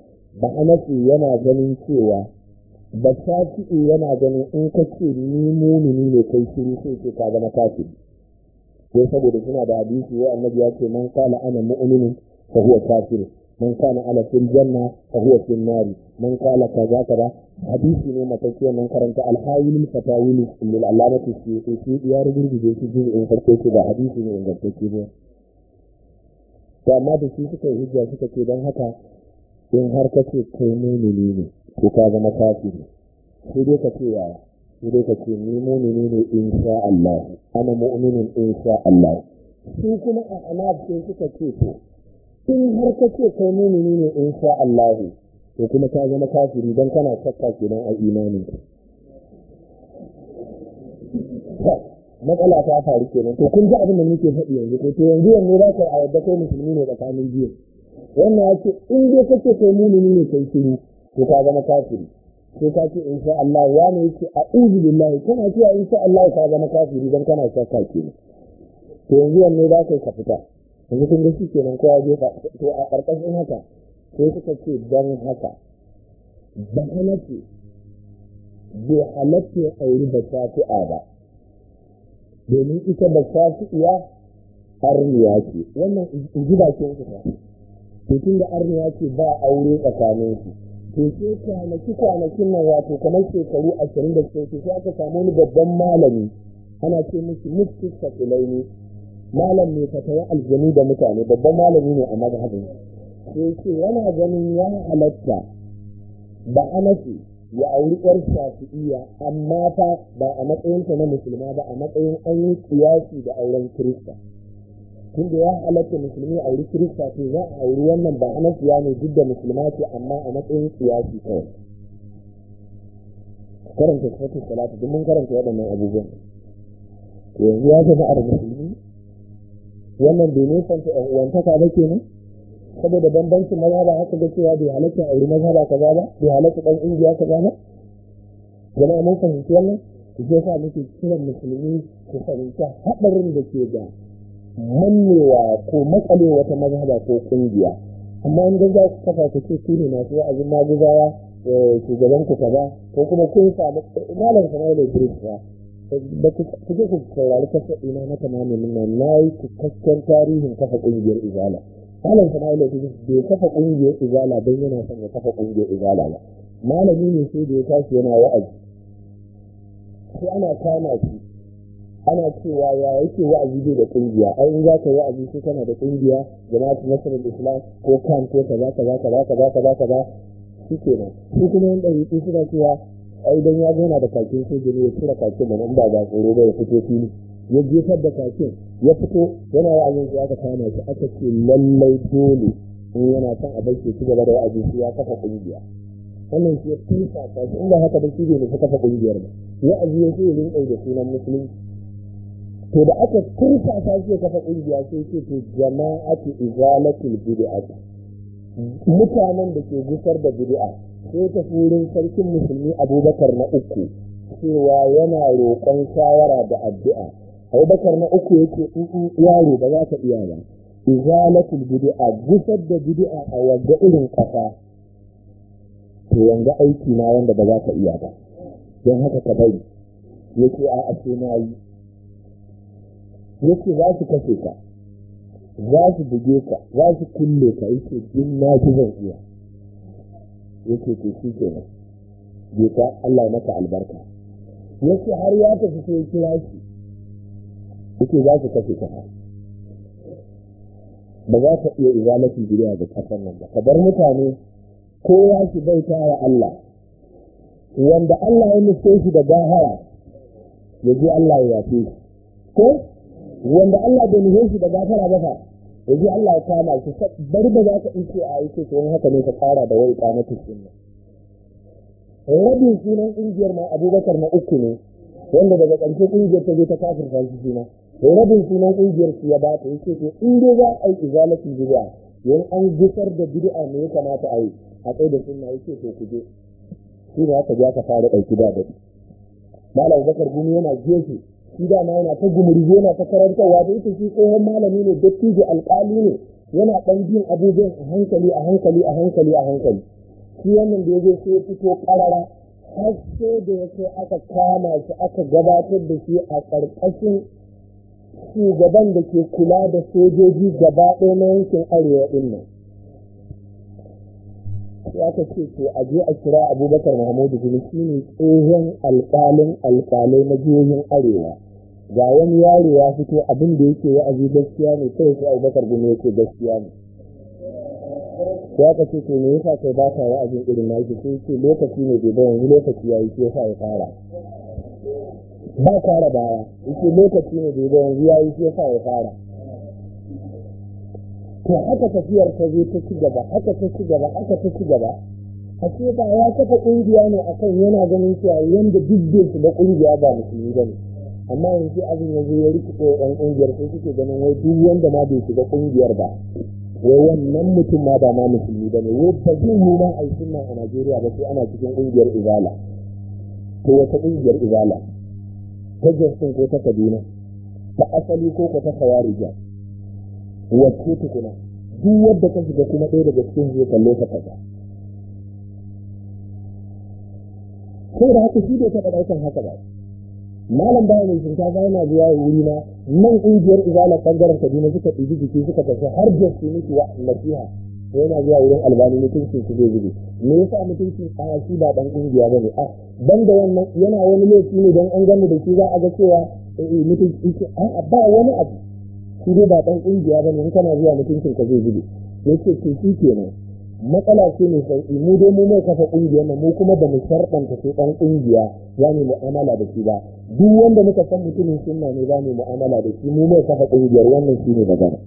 ba hanafi yana ganin cewa ba shafi'i yana ganin in ka ce ni mumini ne kai shiru sai ke ka zama kafiri ko saboda suna da hadisi wa annabi ya ce man qala ana mu'minun fa huwa kafirun Manka kana ala fil janna fa huwa fil nari man kana kaza hadisi ne matacce nan karanta alhawilul fatawili lil alamati suyuti shi ya rubuce shi juz'in farko shi ba hadisi ne ingantacce ba to da shi suka hujja suka ce don haka in har ka ce kai mumini ne ko ka zama kafiri sai dai ka ce yaya sai ni ne insha Allah ana mu'minin insha Allah su kuma a anab sai suka ce in har ka ce kai mumini ne in sha Allahu to kuma ka zama kafiri dan kana shakka kenan a imanin matsala ta faru kenan to kun ji abin da muke faɗi yanzu ko to yanzu yanzu za ka a yadda kai musulmi ne tsakanin biyu wannan ya ce in dai kace kai mumini ne kai shiru to ka zama kafiri ko ka ce in sha Allah ya ne yake a uzu billahi kana cewa in sha Allah ka zama kafiri dan kana shakka kenan to yanzu yanzu za ka fita yanzu kun ga shi nan, kowa je to a ƙarƙashin haka Ko suka ce don haka ba halatta bai halatta ya auri ba shafi'a ba domin ita ba shafi'iya arniya ce wannan in ji bakin ku ba to tun da arniya ce ba aure tsakanin su to sai kwanaki kwanakin nan wato kamar shekaru ashirin da suka sai aka samu wani babban malami ana ce musu muftis sakilaini malam ne mai fatawa aljanu da mutane babban malami ne a mazhabin sai ce yana ganin ya halatta ba anasi ya auri yar shafi'iyya amma fa ba a matsayinta na musulma ba a matsayin an yi kiyasi da auren kirista Tun da ya halatta musulmi auri kirista to za a auri wannan ba anafi ya ne duk da musulma ce amma a matsayin kiyasi kawai karanta suratul salatu duk mun karanta waɗannan abubuwan yanzu ya zama a musulmi wannan bai san a uwantaka ba ke nan saboda bambanci mazhaba haka ga cewa bai halatta a wurin mazhaba kaza ba bai halatta dan indiya kaza ba jama'a mun fahimci wannan ke sa muke kiran musulmi ku fahimci haɗarin da ke da mannewa ko matsalewa wata mazhaba ko ƙungiya amma in gaza ku kafa ku ce ku ne masu wa'azin maguzawa eh, shugaban ku kaza ko kuma kun samu malam kamar da gurbi ku je ku saurari kasa ina na kama ne na yi cikakken tarihin kafa ƙungiyar izala malam sama'ila idris bai kafa ƙungiyar izala don yana son ya kafa ƙungiyar izala ba malami ne sai da ya tashi yana wa'azi sai ana kama shi ana cewa ya yake wa'azi bai da ƙungiya ai in za ka wa'azi sai kana da ƙungiya jama'atu nasarar islam ko kan ko kaza kaza kaza kaza kaza kaza shi kenan su kuma yan ɗari suna cewa ai dan ya zauna da kakin sojin ya tura kakin da nan ba za tsoro ba ya fito fili ya jefar da kakin ya fito yana yi abin aka kama shi aka ce lallai dole in yana son a bashi ci gaba da wa'azi sai ya kafa kungiya wannan shi ya kunsa ta shi inda haka da shi ne nufi kafa kungiyar ba wa'azi ya ce ya rinƙa da sunan musulunci to da aka kunsa ta shi ya kafa kungiya sai ce to jama'atu izalatul bid'ah mutanen da ke gusar da bid'a sai ta furin sarkin musulmi abubakar na uku cewa yana roƙon shawara da addu'a abubakar na uku yake in yaro ba za ka iya ba izalatul a gusar da gudu a wanda irin ƙasa to yanga aiki na wanda ba za ka iya ba don haka ka bari yake a a na yi yake za su kashe ka za su buge ka za su kulle ka yake jin na zan iya yake ke shi nan. bai ta Allah maka albarka yake har ya tafi sai kira shi yake za su kashe kafa ba za ka iya iya mafi zuriya da kasan nan ba ka bar mutane kowa shi bai tara Allah wanda Allah ya nufe shi da gahara ya ji Allah ya yafe ko wanda Allah bai nufe shi da gahara ba fa yanzu Allah ya kama shi Bar da za ka iske a su, to haka ne ka fara da wai kamata sunna rabin sunan ƙungiyar ma abubakar na uku ne wanda daga ƙarshe ƙungiyar ta je ta kafin shi suna rabin sunan ƙungiyar su ya ba ta yake to in dai za a yi izalatin bid'a yan an gusar da bid'a ne ya kamata a yi a tsaye da sunna yake to ku je shi ne haka ja ka fara ɗauki da ba. malam bakar gumi yana gefe shi dama yana ta gumurzu yana ta karantarwa da ita shi tsohon malami ne dattijo alƙali ne yana ɗan jin abubuwan a hankali a hankali a hankali a hankali shi wannan da ya zo sai ya fito ƙarara har sai da ya kai aka kama shi aka gabatar da shi a ƙarƙashin shugaban da ke kula da sojoji gaba ɗaya na yankin arewa ɗin nan ya aka ce to a je a kira abubakar Mahmudu gini shi ne tsohon alƙalin alƙalai na jihohin arewa ga wani yaro ya fito abin da yake wa'azi gaskiya ne kai sai Abubakar gumi yake gaskiya ne ya ka ce me yasa kai ba ka wa'azin irin na sai ce lokaci ne bai bayan lokaci ya yi sai ya fara ba fara baya yake lokaci ne bai bayan ya yi sai ya fara to haka tafiyar ta zo ta ci gaba haka ta ci gaba haka ta ci gaba a ce ba ya kafa ƙungiya ne akan yana ganin cewa yanda duk da su da ƙungiya ba musulmi ba ne amma yanzu abin yanzu ya rikice ɗan ƙungiyar sai suke ganin wai duk wanda ma bai shiga ƙungiyar ba wai wannan mutum ma ba ma musulmi ba ne wai ba zai yi ma a sunna a Najeriya ba sai ana cikin ƙungiyar Izala ko wata ƙungiyar Izala ta Jackson ko ta Kaduna ta asali ko ko ta Kawarija wacce tukuna duk wadda ka shiga kuma ɗaya daga cikin zai kalle ka kaza sai da haka shi bai taɓa ɗaukan haka ba malam baya mai shinkafa yana biya wuri na nan ƙungiyar izala ɓangaren kaduna suka ɗigi jiki suka tafi har da su miki wa nasiha to yana zuwa wurin albani mutuncin su zai zube me yasa mutuncin a shi ba ɗan ƙungiya ba ne a ban da wannan yana wani laifi ne don an gani da shi za a ga cewa eh, mutuncin shi a ba wani abu shi dai ba ɗan ƙungiya ba ne in kana zuwa mutuncin ka zai zube Yake to shi kenan matsala ce mai sauki mu dai mu mai kafa ƙungiyar mu kuma da mu sharɗanta sai ɗan ƙungiya ya ne mu'amala da shi ba duk wanda muka san mutumin sunna ne za mu mu'amala da shi mu mai kafa ƙungiyar wannan shi ne magana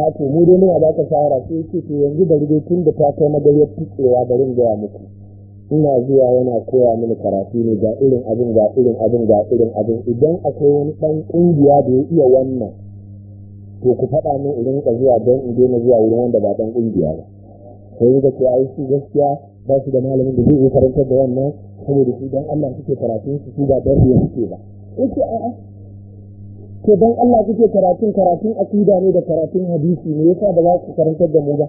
a to mu dai muna baka shawara sai yake ce yanzu bari dai tun da ta kai magariya fitsewa bari in gaya muku ina zuwa yana koya mini karatu ne ga irin abin ga irin abin ga irin abin idan akwai wani ɗan ƙungiya da ya iya wannan to ku faɗa min in ka zuwa don in daina zuwa wurin wanda ba ɗan ƙungiya ba sai da ke ai shi gaskiya ba shi da malamin da zai karantar da wannan saboda su dan Allah suke karatun su su ba suke ba yace a'a dan Allah suke karatun karatun akida ne da karatun hadisi ne yasa ba za su karantar da mu ba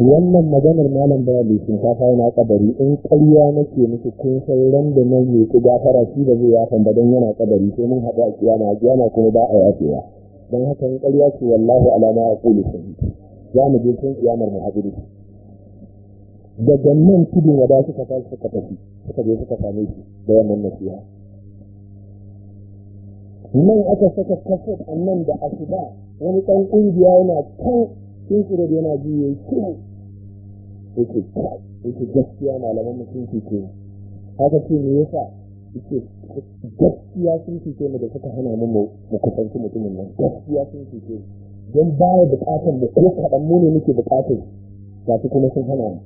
wannan maganar malam bayani sun fara na kabari in ƙarya nake muku kun san ran da nan ne ku gafara shi da zai yafan ba don yana kabari sai mun haɗu a kiyama a kiyama kuma ba a yafewa don haka in ƙarya ce wallahi alama ya ƙulu sun za mu je kun kiyamar mu daga nan tudun wada suka tashi suka tafi suka je suka same shi da wannan nasiha nan aka saka a annan da asuba wani ɗan ƙungiya yana kan sun tsira da yana ji yayi shiru yake yake gaskiya malaman mutunci ke haka ce me yasa yake gaskiya sun cuce mu da suka hana mu mu kusanci mutumin nan gaskiya sun cuce don baya bukatar da ko kaɗan mu ne muke bukatar ga kuma sun hana mu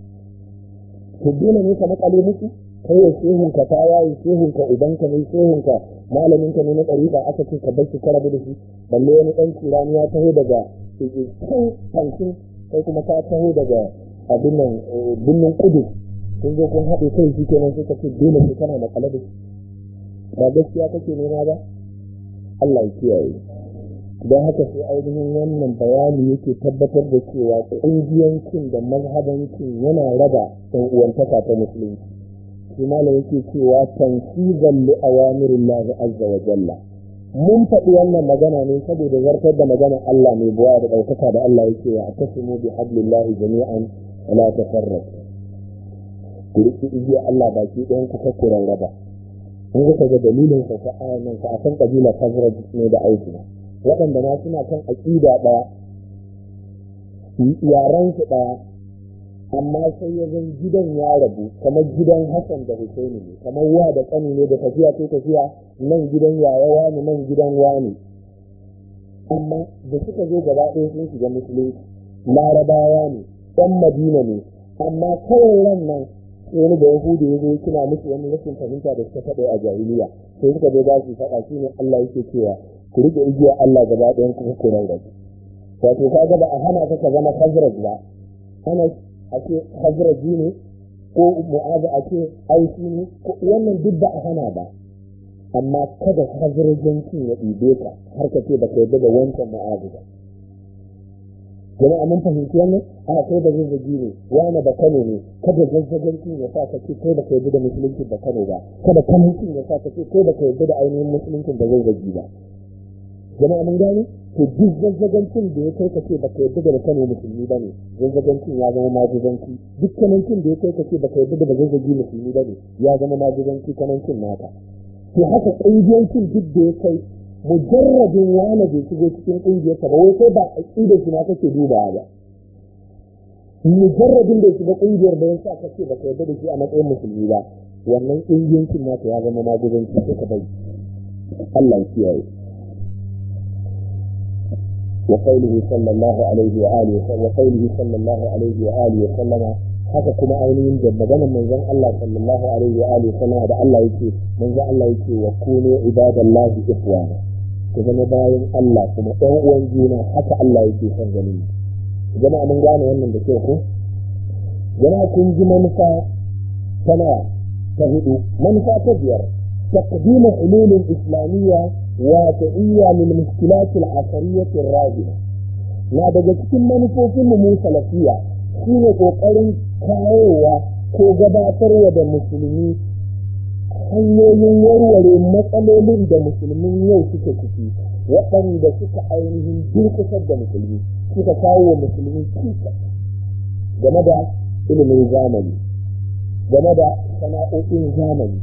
to dole ne ka makale muku kai ya shehun ka ta yayi shehun ka idan ka ne shehun ka malamin ka ne na ɗariƙa aka ce ka bar shi karabu da shi balle wani ɗan kirani ya taho daga cikin kankin kai kuma ka taho daga abin nan eh, binnin kudu kun zo kun haɗe kai shi kenan sai ka ce dole ne kana makale da shi ba gaskiya kake nema ba Allah ya kiyaye don haka sai ainihin wannan bayani yake tabbatar da cewa ƙungiyancin da mazhabancin yana raba ɗan uwantaka ta musulunci shi malam yake cewa tansizan li awamirillah azza wa jalla mun faɗi wannan magana ne saboda zartar da magana Allah mai buwa da ɗaukaka da Allah yake ya tasimu bi hablillahi jami'an wala tafarraq ku riƙi igiyar Allah baki ɗayan ku kakkuran raba in kuka ga dalilin sa ta ayan sa akan kabila fazraj ne da aiki waɗanda ma suna kan aƙida ɗaya yaren su ɗaya amma sai ya zan gidan ya rabu kamar gidan hassan da Hussein ne kamar wa da tsani ne da tafiya ko tafiya nan gidan yaya wani nan gidan wani amma da suka zo gaba ɗaya sun shiga musulunci larabawa ne ɗan madina ne amma kawai ran nan wani da yahudu ya zo kina musu wani rashin fahimta da suka faɗa a jahiliya sai suka zo za su faɗa shi ne allah yake cewa ku rike igiya Allah gaba ɗayan ku ku nan gaji wato ka ga ba a hana ka ka zama hazrat ba hana a ce hazrat ne ko mu'aza a ce aiki ne ko wannan duk ba a hana ba amma kada yankin ya ɗibe ka har ka ce ba ka yarda da wancan mu'aza ba a mun fahimci wannan ana kai da zazzagi ne wani da kano ne kada kin ya sa ka ce kai da ka yarda da musulunci da kano ba kada kin ya sa ka ce kai da ka yarda da ainihin musulunci da zazzagi ba jama'a mun gane to duk zazzagancin da ya kai ka ce baka yadda da kano musulmi ba ne zazzagancin ya zama majizanci duk kanancin da ya kai ka ce baka yadda da zazzagi musulmi ba ne ya zama majizanci kanancin naka to haka ƙungiyancin duk da ya kai mujarrabin wani da shigo cikin ƙungiyar ka ba wai kai ba a ƙidar shi na kake dubawa ba mujarrabin da shiga ƙungiyar da ya sa kake baka yadda da shi a matsayin musulmi ba wannan ƙungiyancin naka ya zama majizanci sai ka bai Allah ya kiyaye وقوله صلى الله عليه وآله وسلم وقوله صلى الله عليه وآله وسلم haka kuma ainihin da maganar manzon Allah sallallahu alaihi wa alihi sallama da Allah yake manzon Allah yake wa kunu ibadallahi ikhwana ku zama bayan Allah kuma ɗan uwan juna haka Allah yake son ganin jama'a mun gane wannan da kyau ko jama'a kun ji manufa ta ta hudu manufa ta biyar taqdimu ulumul islamiyya waqi'iyya lil mushkilat al asariyyah al na daga cikin manufofin mu salafiya shine kokarin kawowa ko gabatarwa da musulmi hanyoyin warware matsalolin da musulmin yau suke ciki waɗanda suka ainihin durkusar da musulmi suka kawo wa musulmi cuta game da ilimin zamani game da sana'o'in zamani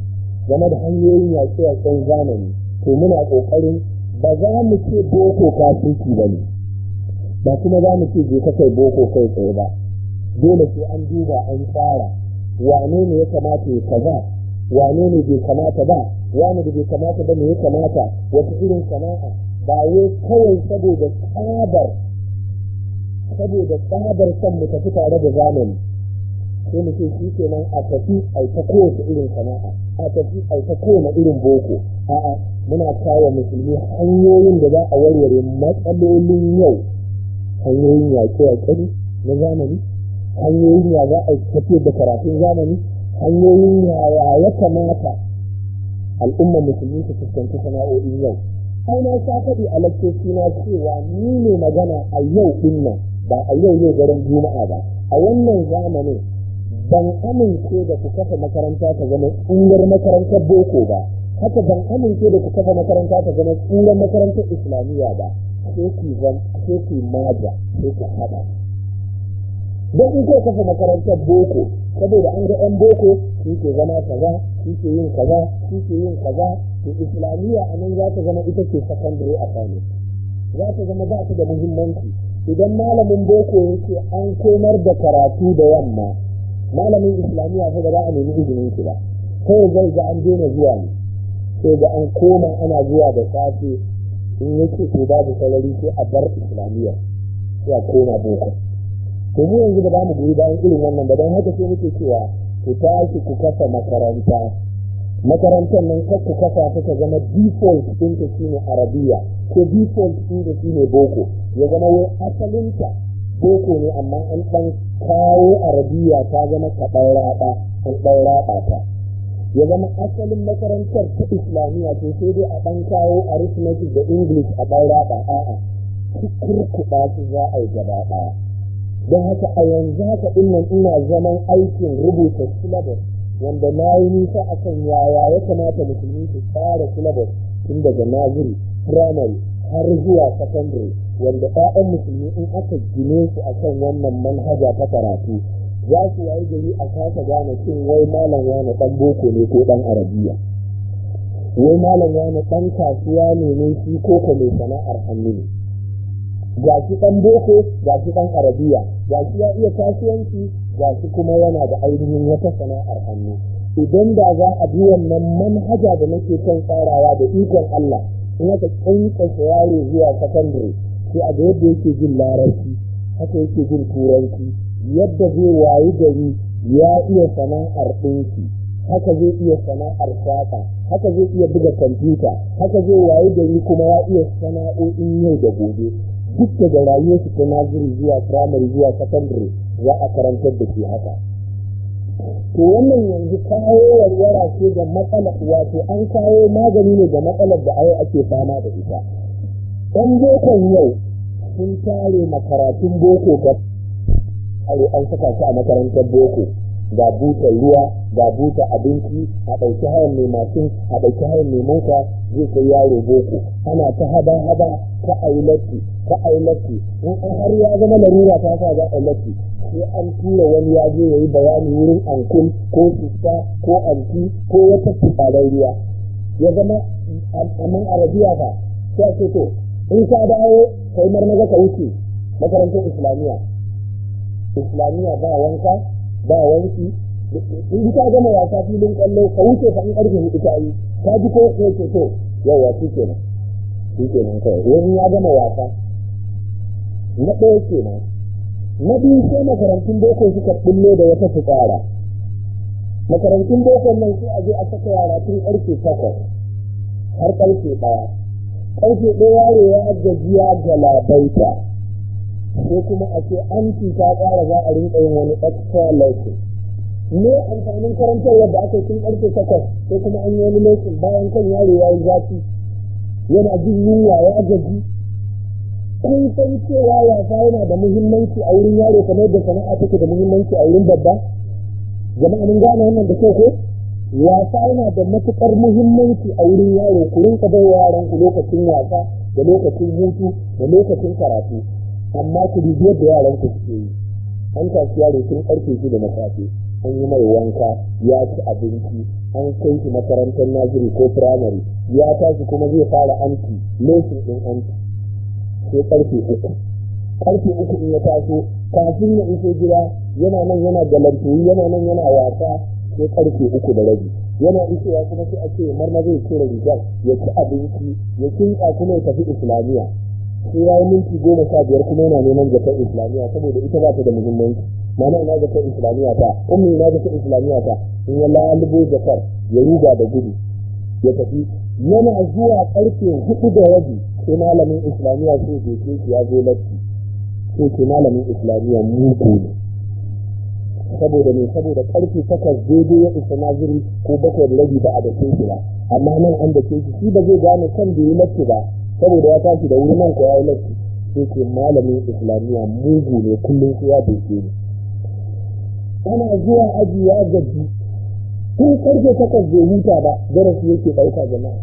game da hanyoyin yaƙe-yaƙen zamani to muna ƙoƙarin ba za mu ce boko kafirci ba ne ba kuma za mu ce je ka kai boko kai tsaye ba dole sai an duba an tsara wane ne ya kamata ya kaza wane ne bai kamata ba wane da bai kamata ba ne ya kamata wata irin sana'a ba wai kawai saboda tsabar saboda tsabar son mu tafi tare da zamani sai mu ce shi ke nan a tafi a ta kowace irin sana'a a tafi a ta kowane irin boko a'a muna kawo musulmi hanyoyin da za a warware matsalolin yau hanyoyin ya a kari na zamani hanyoyin ya za a tafi da karatun zamani hanyoyin yaya ya kamata al'ummar musulmi su fuskanci sana'o'in yau ai na sa faɗi a lakcoci na cewa ni ne magana a yau ɗin nan ba a yau ne garin juma'a ba a wannan zamanin ban amince da ku kafa makaranta ta zama ingar makarantar boko ba haka ban amince da ku kafa makaranta ta zama ingar makarantar islamiyya ba sai ku zan sai ku maja sai ku haɗa don in kai kafa makarantar boko saboda an ga yan boko shi ke zama kaza shi ke yin kaza shi ke yin kaza to islamiyya a nan za ta zama ita ce secondary academy za ta zama ba ta da muhimmanci idan malamin boko yake an komar da karatu da yamma malamin islamiyya ta ba a nemi izinin shi ba kawai zai ga an daina zuwa ne sai ga an koma ana zuwa da safe in yake ko babu salari sai a bar islamiyya sai a koma boko to mu yanzu da ba mu goyi bayan irin wannan ba don haka sai muke cewa ku tashi ku kafa makaranta makarantar nan kar ku kafa ta ta zama default din ta shine arabiya ko default ɗin ta shine boko ya zama wai asalinta boko ne amma an ɗan kawo arabiya ta zama kaɗan raɗa kaɗan raɗa ta ya zama asalin makarantar ta islamiyya ce sai dai a ɗan kawo arithmetic da english a ɗan raɗa a'a kurkuɗa su za a yi gaba ɗaya don haka a yanzu haka ɗinnan ina zaman aikin rubuta syllabus wanda na yi nisa a kan yaya ya kamata musulmi su tsara syllabus tun daga naziri Firamare, har zuwa Sakandare. wanda ƴaƴan musulmi in aka gine su a kan wannan manhaja ta karatu za su yayi gari a kasa gane cin wai malam wani ɗan boko ne ko ɗan arabiya wai malam wani ɗan kasuwa ne ne shi ko ko mai sana'ar hannu ne ga shi ɗan boko ga shi ɗan arabiya ga shi ya iya kasuwanci ga shi kuma yana da ainihin wata sana'ar hannu idan da za a bi wannan manhaja da nake son tsarawa da ikon Allah in aka tsantsasa yaro zuwa sakandare sai a yadda yake jin larabci haka yake jin turanci yadda zai wayi gari ya iya sana'ar ɗinki haka zai iya sana'ar saka haka zai iya buga kwamfuta haka zai wayi gari kuma ya iya sana'o'in yau da gobe duk da daga su ta naziri zuwa firamare zuwa sakandare za a karantar da shi haka to wannan yanzu kawo warwara ce ga matsalar wato an kawo magani ne ga matsalar da ayo ake fama da ita ɗan bokon yau sun tare makaratun boko ga are an saka shi a makarantar boko ga butar ruwa ga butar abinci a ɗauki hayan mai mashin a ɗauki hayan mai mota zai kai yaro boko ana ta haba haba ta ailaki ta latti in an har ya zama larura ta sa za a latti sai an tura wani ya je ya yi bayani wurin ankun ko sista ko anti ko wata tubarar ruwa ya zama amman arabiya ba, sai ce to in ka dawo kai marmaza ka wuce makarantar islamiyya islamiyya ba wanka ba wanki in ka gama wasa filin kwallo ka wuce ka in karfe hudu ta yi ka ji ko ko ke to yawa shi nan, shi nan kawai wani ya gama wasa na ɗaya nan, na biyu sai makarantun boko suka bullo da wata fitsara makarantun boko nan sai a je a saka yara tun karfe takwas har karfe ɗaya ƙarfe ɗaya yaro ya aggajiya galabaita ko kuma a ce an ta ƙara za a rinƙa yin wani extra lesson ne amfanin karantar da aka tun ƙarfe takwas ko kuma an yi wani lesson bayan kan yaro ya yi zafi yana jin yunwa ya aji. kun san cewa wasa yana da muhimmanci a wurin yaro kamar da sana'a take da muhimmanci a wurin babba jama'a mun gane wannan da kyau ko wasa yana da matuƙar muhimmanci a wurin yaro ku rinka bai wa yaran ku lokacin wasa da lokacin hutu da lokacin karatu amma ku dubi yadda yaran ku suke yi an tashi yaro tun karfe da na safe an yi mai wanka ya ci abinci an kai shi makarantar najiri ko firamare ya tashi kuma zai fara anti lokacin din anti sai karfe uku karfe uku in ya taso kafin ya iso gida yana nan yana galantoyi yana nan yana wasa ko karfe uku da rabi yana ya kuma sai a ce marma zai cire rigar ya ci abinci ya kinka kuma ya tafi islamiyya sai ya yi minti goma sha biyar kuma yana neman jakar islamiyya saboda ita ba ta da muhimmanci mana ina jakar islamiyya ta ummi ina jakar islamiyya ta in ya lalubo jakar ya ruga da gudu ya tafi yana zuwa karfe hudu da rabi sai malamin islamiyya sai je ya zo latti sai ke malamin islamiyya mugu ne saboda ne saboda karfe takwas daidai ya isa naziri ko bakwai da rabi ba a da keke ba amma nan an da shi shi ba zai gane kan da yi latti ba saboda ya tashi da wuri nan ko ya yi sai ke malamin islamiyya mugu ne kullum sai ya doke ni ana zuwa aji ya gaji tun karfe takwas bai huta ba darasi yake ɗauka jama'a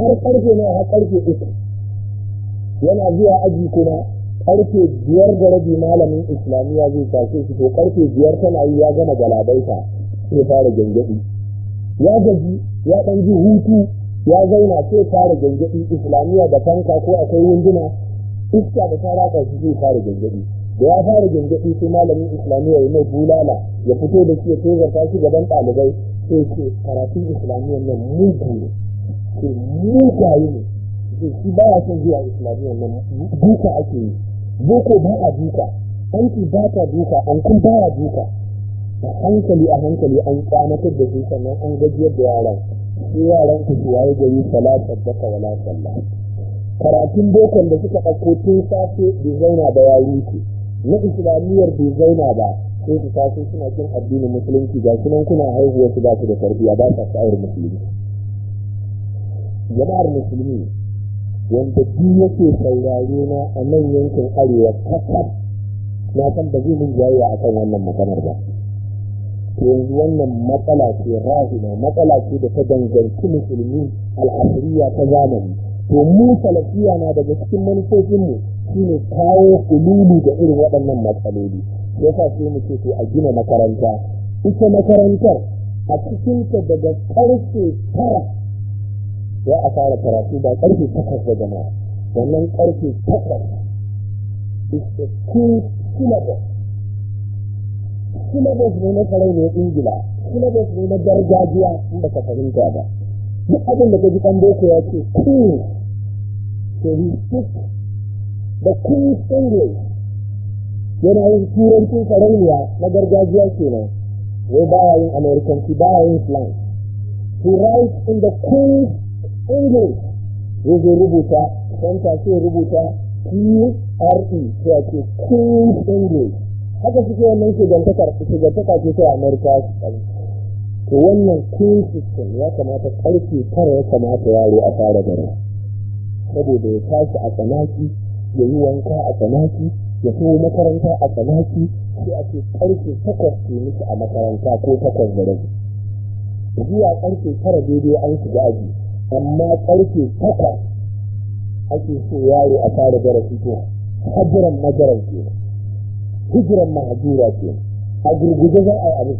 har karfe ne har karfe uku yana zuwa aji kuma karfe biyar da rabi malamin islamiyya zai tashe shi to karfe biyar tana yi ya gama galabaita sai fara gangaɗi ya gaji ya ɗan ji hutu ya zauna sai fara gangaɗi islamiyya da fanka ko akwai wunduna iska da ta raka shi zai fara gangaɗi da ya fara gangaɗi sai malamin islamiyya ya mai bulala ya fito da shi ya tozarta shi gaban ɗalibai sai ce karatun islamiyya nan mugu ne sai mugaye ne sai shi baya son zuwa islamiyya nan duka ake yi boko ba a duka hanki ba ta duka an kun ba a duka da hankali a hankali an tsanatar da su sannan an gajiyar da yaran sai yaran ku suwa waye gari salatar da kawala sallah karatun bokon da suka ɗauko tun safe bai zauna ba ya wuce na islamiyyar bai zauna ba sai su taso suna cin addinin musulunci ga sunan kuna haihuwa su ba su da tarbiyya ba sa sha'ir musulunci jama'ar musulmi wanda duk yake saurare na a nan yankin arewa kasar na san ba zai min jayayya kan wannan maganar ba yanzu wannan matsala ce rahina matsala ce da ta danganci musulmi al'asiriya ta zamani to mu salafiya na daga cikin manufofinmu shine kawo kululu da irin waɗannan matsaloli yasa sai mu ce to a gina makaranta ita makarantar a cikinta daga ƙarfe tara za a fara karatu ba karfe takwas da jama'a wannan karfe takwas is the cool syllabus syllabus ne na ne ingila syllabus ne na gargajiya in ba ka fahimta ba duk abin da gaji kan ɗan boko ya ce cool so he speak the cool english yana yin turancin sarauniya na gargajiya kenan wai baya yin amerikanci baya yin slang he writes in the cool ingil ya zo rubuta santa ce rubuta pre ya ce king ingil haka suke wannan shugantakar shugantaka ce sai Amurka su tsari to wannan king system ya kamata karfe tara ya kamata yaro a fara gara saboda ya tashi a tsanaki ya yi wanka a tsanaki ya so makaranta a tsanaki sai a ce karfe takwas ke miki a makaranta ko takwas da rabi zuwa karfe tara daidai an shiga aji amma ƙarfe kaka ake so yaro a fara darasi ko. hajjiran majaran ke hijiran mahajura ke a gurguje za a yi abin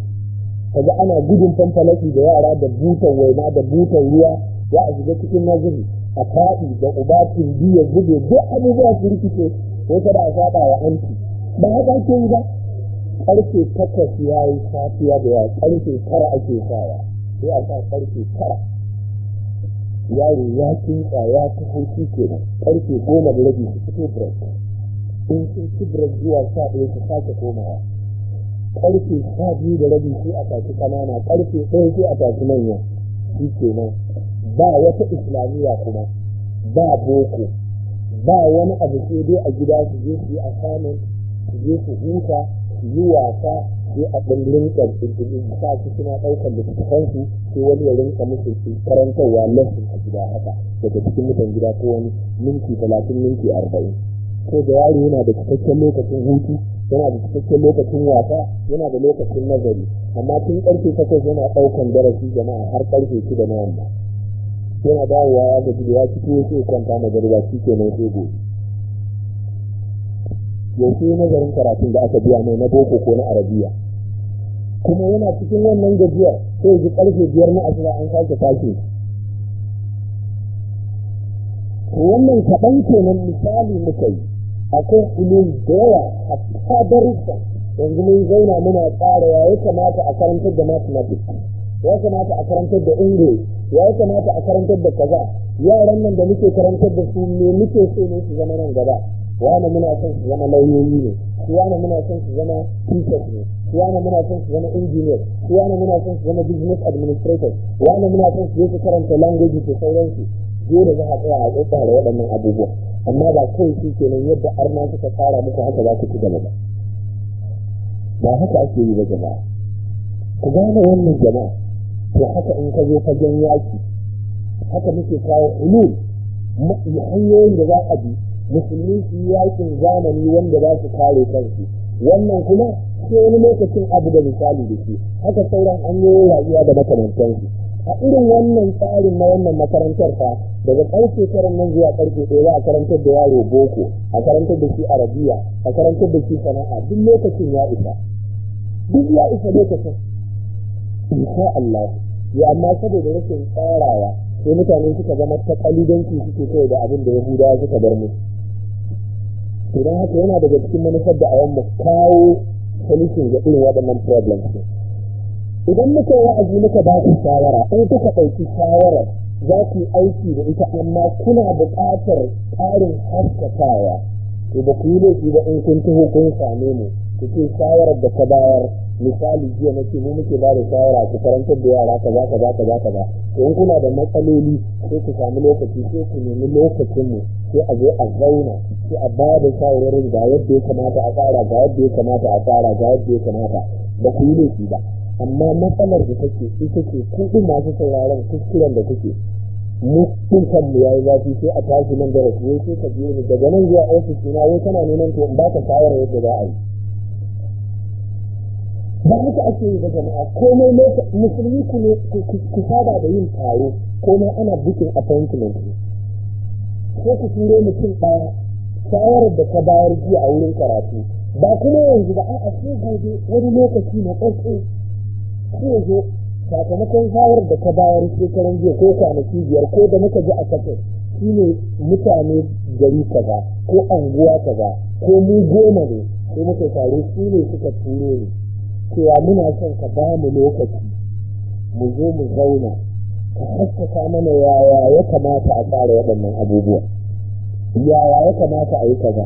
kaga ana gudun fanfalaki da yara da butan waima, da butan ruwa za a shiga cikin nazari a faɗi da uba biyar zube duk abubuwa su rikice ko kada a saba wa anti ba haka ake yi ba karfe takwas ya yi safiya da ya karfe tara ake sawa sai a sa tara yaro ya kinka ya taho shi ke da karfe goma da rabi su fito break in sun ci break zuwa sha ɗaya su sake komawa karfe sha biyu da rabi su a tafi ƙanana karfe ɗaya su a tafi manya shi ke nan ba wata islamiyya kuma ba boko ba wani abu sai dai a gida su je su yi assignment su je su huta su yi wasa sai a ɗan rinka sa su suna ɗaukar littattafansu sai wani ya rinka musu su karantarwa lesson a gida haka daga cikin mutan gida ko wani minti talatin minti arba'in ko da yaro yana da cikakken lokacin hutu yana da cikakken lokacin wasa yana da lokacin nazari amma tun ƙarfe takwas yana ɗaukan darasi jama'a har ƙarfe shida na yamma yana dawowa ya gaji da ya fito sai kwanta magariba shi kenan sai gobe yaushe nazarin karatun da aka biya mai na boko ko na arabiya kuma yana cikin wannan gajiyar sai ji karfe biyar na asuba an sake sake wannan kaɗan kenan misali muka yi akwai ilin da yawa a tadarisa yanzu mun zauna muna tsara ya ya kamata a karantar da mathematics ya kamata a karantar da english ya kamata a karantar da kaza yaran nan da muke karantar da su ne muke so ne su zama nan gaba wane muna son su zama lauyoyi ne su wane muna son su zama teachers ne su wane muna son su zama engineers su wane muna son su zama business administrators wane muna son su yake su karanta language da sauransu dole za a tsaya a tsaya da waɗannan abubuwa amma ba kai shi kenan yadda arna suka fara muku haka za ku ci gaba ba ba haka ake yi ba jama'a ku gane wannan jama'a to haka in ka zo ka yaki haka muke kawo ulu hanyoyin da za a bi musulmi su yi yakin zamani wanda za su kare kansu wannan kuma sai wani lokacin abu da misali da shi haka sauran an yi rayuwa da su. a irin wannan tsarin na wannan makarantar fa daga ƙarfe karan nan zuwa karfe ɗaya za a karantar da yaro boko a karantar da shi arabiya a karantar da shi sana'a duk lokacin ya isa duk ya isa lokacin insha Allah ya amma saboda rashin tsarawa sai mutane suka zama ta kalidanci suke kai da abin da yahudawa suka bar mu. idan haka yana daga cikin manufar da ayan mu kawo solution ga irin waɗannan problems idan muka yi wa'azi muka ba ku shawara in kuka ɗauki shawarar za ku yi aiki da ita amma kuna buƙatar ƙarin haskakawa to ba ku yi laifi ba in kun taho kun same mu ku ce shawarar da ka bayar misali jiya nake mu muke ba da shawara ku karantar da yara kaza kaza kaza kaza in kuna da matsaloli sai ku sami lokaci sai ku nemi lokacin mu sai a zo a zauna sai a ba da shawarwarin ga yadda ya kamata a tsara ga yadda ya kamata a tsara ga yadda ya kamata ba ku yi laifi ba amma matsalar da take ita ce kuɗi masu sauraron kuskuren da take mutum kanmu ya yi zafi sai a tashi nan da rasuwa sai ka biyo ni daga nan zuwa ofis na wai kana neman to in ba shawara yadda za a yi ba haka ake yi da jama'a komai musulmi ku ne ku saba da yin taro komai ana bukin appointment ne ko ku turo mutum ɗaya shawarar da ka bayar jiya a wurin karatu ba kuma yanzu ba a'a sai gobe wani lokaci na ƙarfe. ko zo sakamakon shawarar da ka bayar shekaran jiya ko kwanaki biyar ko da muka ji a kafin shi mutane gari kaza ko anguwa kaza ko mu goma ne ko muka taro shine suka turo ne cewa muna son ka ba mu lokaci mu zo mu zauna ka haskaka mana yaya ya kamata a tsara waɗannan abubuwa yaya ya kamata a yi kaza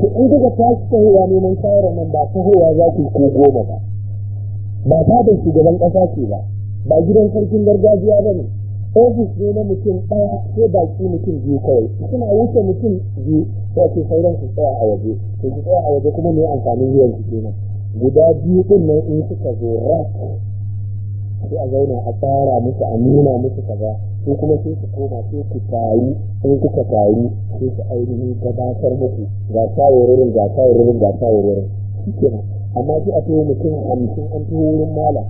to in kuka tashi tahowa neman shawarar nan ba tahowa za ku ko goma ba ba ta da shugaban ƙasa ce ba ba gidan sarkin gargajiya ba ne ofis ne na mutum ɗaya ko baki mutum biyu kawai suna wuce mutum biyu sai ce sauran su tsaya a waje to su tsaya a waje kuma ne amfanin wuyan su kenan guda biyu din nan in suka zo rak sai a zauna a tsara musu a nuna musu kaza ko kuma sai su koma sai ku taru in kuka tayi sai su ainihin gabatar muku ga shawarorin ga shawarorin ga shawarorin shi amma sai a tuwo mutum hamsin an tuwo wurin malam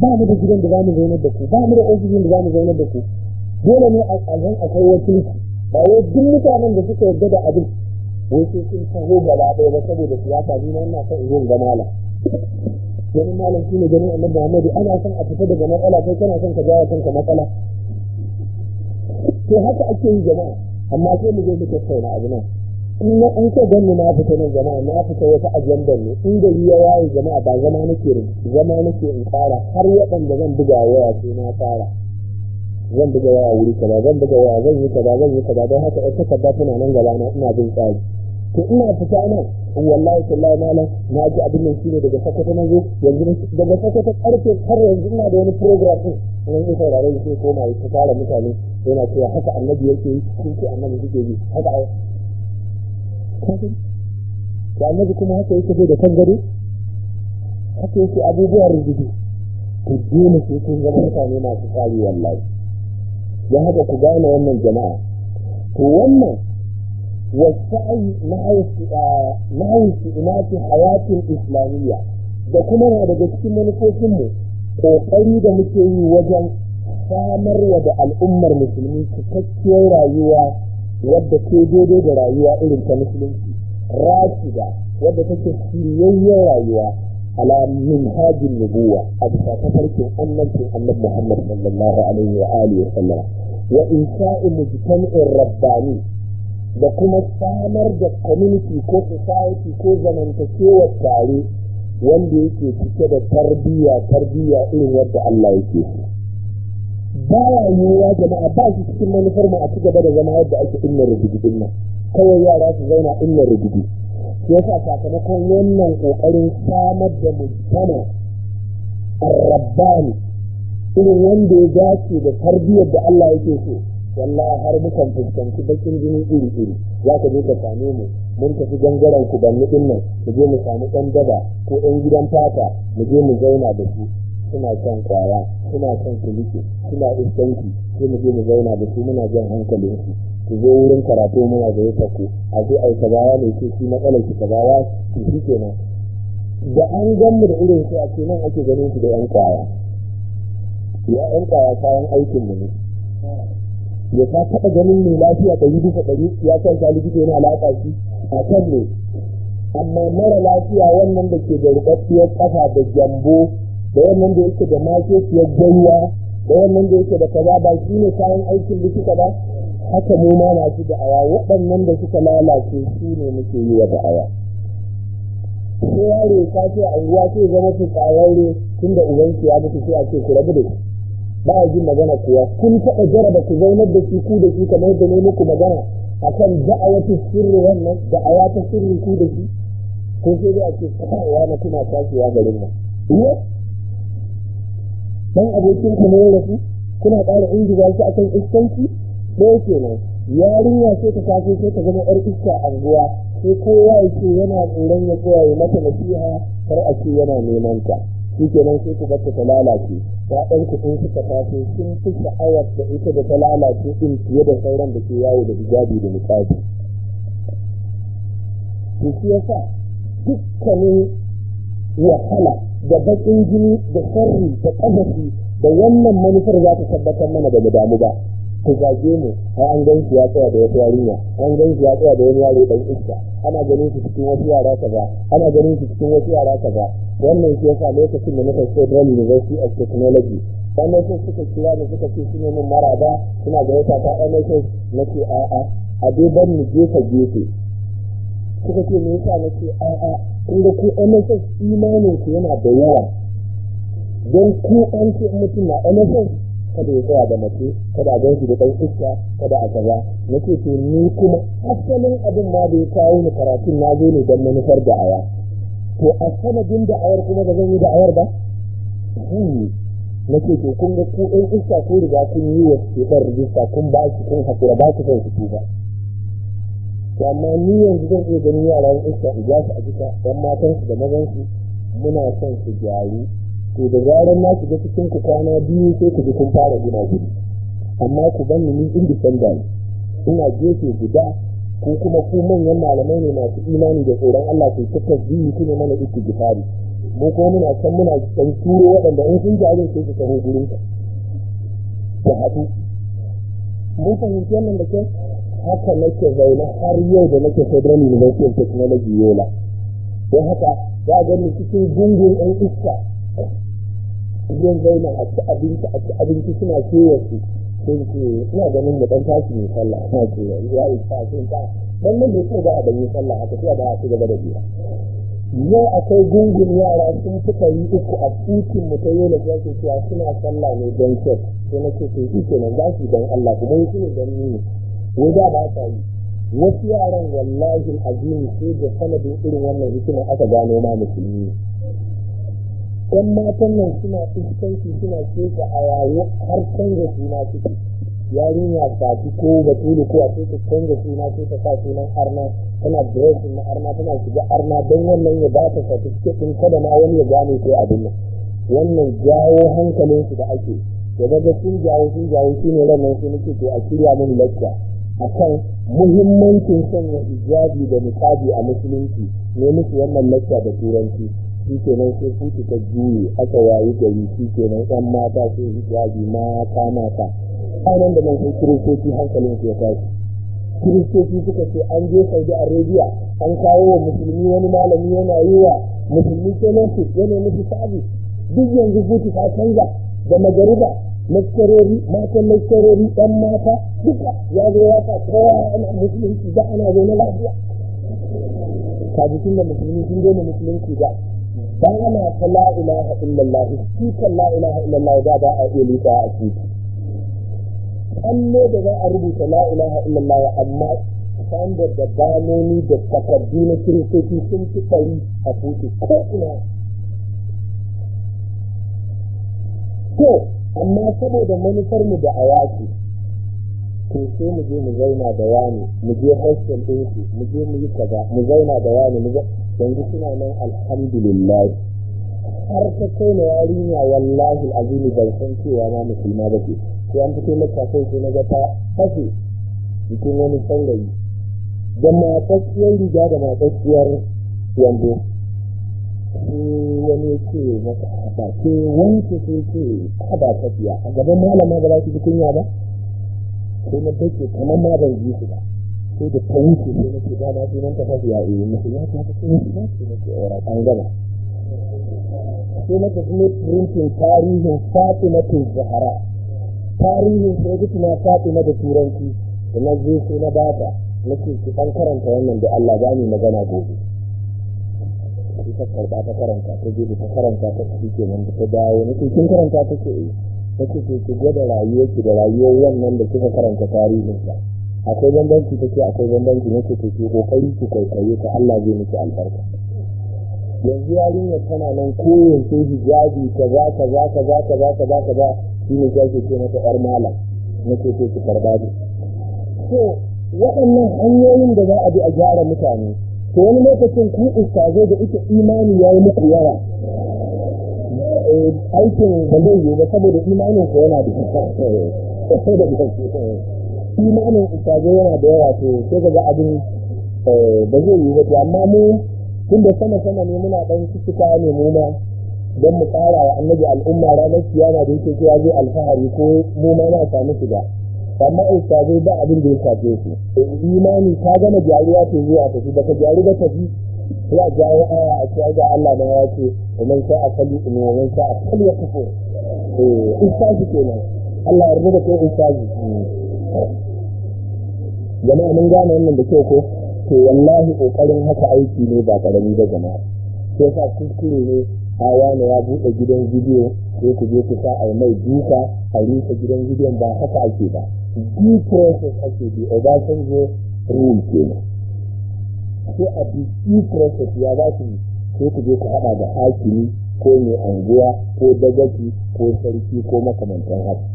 ba mu da gidan da za mu zaunar da ku ba mu da ofishin da za mu zaunar da ku dole ne a tsaron akwai wakilci ba wai duk mutanen da suka yarda da abin wai sai sun taho gaba ɗaya ba saboda siyasa ni na ina son in yin gamala wani malam shine ganin annabi Muhammadu. ana son a fita daga matsala kai kana son ka jawo kanka matsala to haka ake yi jama'a amma sai mu je mu tattauna abu nan in na an ce ganin na fita nan jama'a na fita wata ajandar ne in gari ya waye jama'a ba zama nake zama nake in fara har waɗanda zan buga waya sai na fara zan buga waya wuri kaza zan buga waya zan yi kaza zan yi kaza don haka ɗan takarda tana nan gaba na ina jin tsari to ina fita nan wallahi sallahi malam na ji abin nan shine daga sakata na zo yanzu daga sakata karfe har yanzu ina da wani program din nan ina saurare shi koma ya fara mutane yana cewa haka annabi yake yi sun ce annabi yake yi haka ai da annabi kuma haka yake da da tangare haka yake abubuwa rubutu ku dole ku kun zama mutane masu tsari wallahi Ya haka ku gane wannan jama'a to wannan والسعي مع انشئات حياة islamiyya? da kuma na daga cikin manufofinmu ƙoƙari da muke yi wajen samarwa da al'ummar musulmi cikakkiyar rayuwa wadda ke dodo da rayuwa irin ta musulunci rashida wadda take shiryayyar rayuwa ala minhajin nubuwa a bisa tafarkin annabcin annab muhammad sallallahu alaihi wa alihi wa sallam wa insha'i mujtami'in rabbani da kuma samar da community ko society ko zamantakewar tare wanda yake cike da tarbiyya tarbiyya irin yadda Allah yake so baya yiwuwa jama'a ba shi cikin manufar mu a ci gaba da zama yadda ake inna rubutu din nan kawai yara su zauna inna rubutu shi yasa sakamakon wannan kokarin samar da a arrabbani irin wanda ya dace da tarbiyyar da Allah yake so wallahi har mukan fuskanci bakin jini iri iri za ka je ka same mu mun tafi gangaren ku ban nufin nan mu je mu samu ɗan daba ko ɗan gidan fata mu je mu zauna da su suna kan kwaya suna kan kulike suna iskanki sai mu je mu zauna da su muna jan hankalin su ku zo wurin karatu muna da ya ku a zo ai kaza ne ce shi matsalar ki kaza ki shi kenan da an gan mu da irin su a ce nan ake ganin su da yan kwaya ya ƴan kwaya kayan aikin mu ne ya ka taɓa ganin mai lafiya ɗari bisa ɗari ya san ta likita yana alaƙa shi a kan ne amma mara lafiya wannan da ke da rubacciyar ƙafa da jambo da wannan da yake da makekiyar gayya da wannan da yake da kaza ba shi ne kayan aikin likita ba haka mu ma masu da'awa waɗannan da suka lalace su ne muke yi wa da'awa ko yaro ka ce anguwa ce zama su tun tunda ubanki ya mutu sai a ce ku rabu da shi ba a jin magana kuwa kun taɓa jaraba ku zaunar da shi ku da shi kamar yadda ne muku magana akan da'awatu sirri wannan da ta sirri ku da shi ko sai dai a ce na kuna tashiwa garin nan iya dan abokin ku ne ya kuna ƙara ba shi akan iskanci ɗaya nan. yarinya sai ta tafi sai ta zama 'yar iska anguwa sai kowa ya ce yana tsoron ya tsaya mata nasiha kar a ce yana neman ta kenan sai ku barta ta lalace ɗan ku sun suka tafi sun fi sha'awar da ita da ta lalace in fiye da sauran da ke yawo da hijabi da niqabi to shi sa dukkanin wahala da bakin jini da sarri da ƙazafi da wannan manufar za ta tabbatar mana da mu damu ba ku zage mu ai an gan ya tsaya da wata yarinya an gan ya tsaya da wani yaro dan iska ana ganin shi cikin wasu yara kaza ana ganin shi cikin wasu yara kaza wannan shi yasa lokacin da muka ce Federal University of Technology MSS suka kira da suka ce suna min maraba suna da wata ta MSS nake a'a a duban mu gefe gefe suka ce me yasa ke a'a inda ku MSS imanin ku yana da yawa don ku an ce mutum na MSS kada ya tsaya da mace kada a gansu da ɗan iska kada a kaza ce to ni kuma asalin abin ma da ya kawo ni karatun na zo ne don manufar da aya to a sanadin da ayar kuma da zan yi da ayar ba ce hmm. to kun ga ku ɗan iska ko riga kun yi wa ɗan rijista kun ba shi kun hakura ba ku son su ba to amma ni yanzu zan iya ganin yaran iska in gasu a jika dan matansu da mazan su muna son su gyaru to da zarar na shiga cikin ku kwana biyu sai ku ji kun fara gina gudu amma ku ban ni inda sanda ina gefe guda ko kuma ku manyan malamai ne masu imani da tsoron Allah ke kaka biyu ku ne mana iki gifari mu ko muna san muna san turo waɗanda in sun jari sai su taho gurin ka ku haɗu mun fahimci wannan da ke haka nake zaune har yau da nake federal university of technology yola don haka ya gani cikin gungun ɗan iska yin zauna a ci abinci a abinci suna kewarsu sai ce ina ganin da ɗan tashi mai sallah na ce ya yi tashin ta dan nan da kuma ba a ɗanyi sallah haka sai a ci gaba da biya yau akwai gungun yara sun suka yi uku a cikin ta yola ya ce cewa suna sallah ne don kyau sai na ce to shi kenan za su don Allah kuma yi suna don ni ko da ba ta yi wasu yaran wallahi azumi, sai da sanadin irin wannan hikimar aka gano ma musulmi Ɗan matan nan suna fuskanci suna keta a yayi har canza suna suke yarinya ta fi ko ba tulu ko a ce ta canza suna ce ta sa sunan arna tana dressing na arna tana shiga arna don wannan ya ba ta certificate din kada ma wani ya gane ko abin nan wannan jawo hankalin da ake da daga sun jawo sun jawo shi ne ranar su nake to a shirya mun lacca akan muhimmancin sanya hijabi da niqabi a musulunci ne musu wannan lacca da turanci shi nan sai sun fita juyi aka wayi gari shi nan ɗan mata sai hijabi mata mata nan da nan kiristoci hankalin ke tashi kiristoci suka ce an je saudi arabia an kawo wa musulmi wani malami yana yi wa musulmi su yana musu sabi duk yanzu zuci ta canza da magariba maskarori matan maskarori ɗan mata duka ya zo ya sa kowa ana musulunci da ana zaune lafiya kaji tun da musulmi sun daina musulunci da bana ta la ilaha illallah shi kan la ilaha illallah da ba a iya lita a ciki kallo da za a rubuta la ilaha illallah amma standard da banoni da takardu na kiristoci sun fi ɗari a buɗe ko ina to amma saboda manufar mu da a yaki ko sai mu je mu zauna da wani mu je hostel ɗin mu je mu yi kaza mu zauna da wani mu ga yanzu suna nan alhamdulillah har ta kai na yarinya wallahi azimi ban san cewa ma musulma ba ke. sai an fito na sai sai na ga ta fashe jikin wani saurayi da matsakiyar riga da matsakiyar yanzu wani ce masa haɗa ke wanke ce ce ba tafiya a gaban malama ba za su ji kunya ba sai na dake kamar ma ban ji su ba sai da ta wuce sai nake ba na sunan ka tafiya a yi musu ya ta ta wuce ba sai nake aura an gama sai na tafi kuma printin tarihin ta zahara tarihin sai na fatima da turanci da na zo sai na baba na ce ki ɗan karanta wannan da Allah ba ni magana gobe ta karɓa ta karanta ta je ta karanta ta ci kenan da ta dawo na ce kin karanta ta ce eh ta ce to ki gwada rayuwarki da rayuwar wannan da kika karanta tarihinsa akwai bambanci ta ce akwai bambanci na to ki kokari ki kwaikwaye ta Allah zai miki albarka yanzu yarinya tana nan sai hijabi ka, za ka, za ka kaza shi ne ke ce mata yar malam nake to ki karba ni to waɗannan hanyoyin da za a bi a gyara mutane to wani lokacin ku ustazai da ita imani ya yi muku yawa aikin da zai yi ba saboda imanin ko yana da imanin isaje yana da yawa to sai ka abin da eh, zai yi ba amma mu tun da sama sama ne muna ɗan cikuta ne mu ma don mu tsara wa annabi al'umma ranar kiyama da yake cewa zai alfahari ko mu ma na samu shiga amma isaje ba abin da ya shafe su imani ta gama gyaruwa ce zuwa tafi baka ba tafi ya a jawo aya a ce ga Allah na ya ce wannan sai a kalli in wannan sai a kalli ya kufur eh istaji kenan Allah ya rubuta kai istaji jama'a mun gane wannan da kyau ko to wallahi kokarin haka aiki ne ba karami ba jama'a sai sa kuskure ne hawa ne ya bude gidan bidiyo sai ku je ku sa a mai duka a rufe gidan bidiyon ba haka ake ba due process ake bi obasanjo rule kenan ko a bi process ya za su ko ku je ku haɗa da hakimi ko mai anguwa ko dagaki ko sarki ko makamantan haka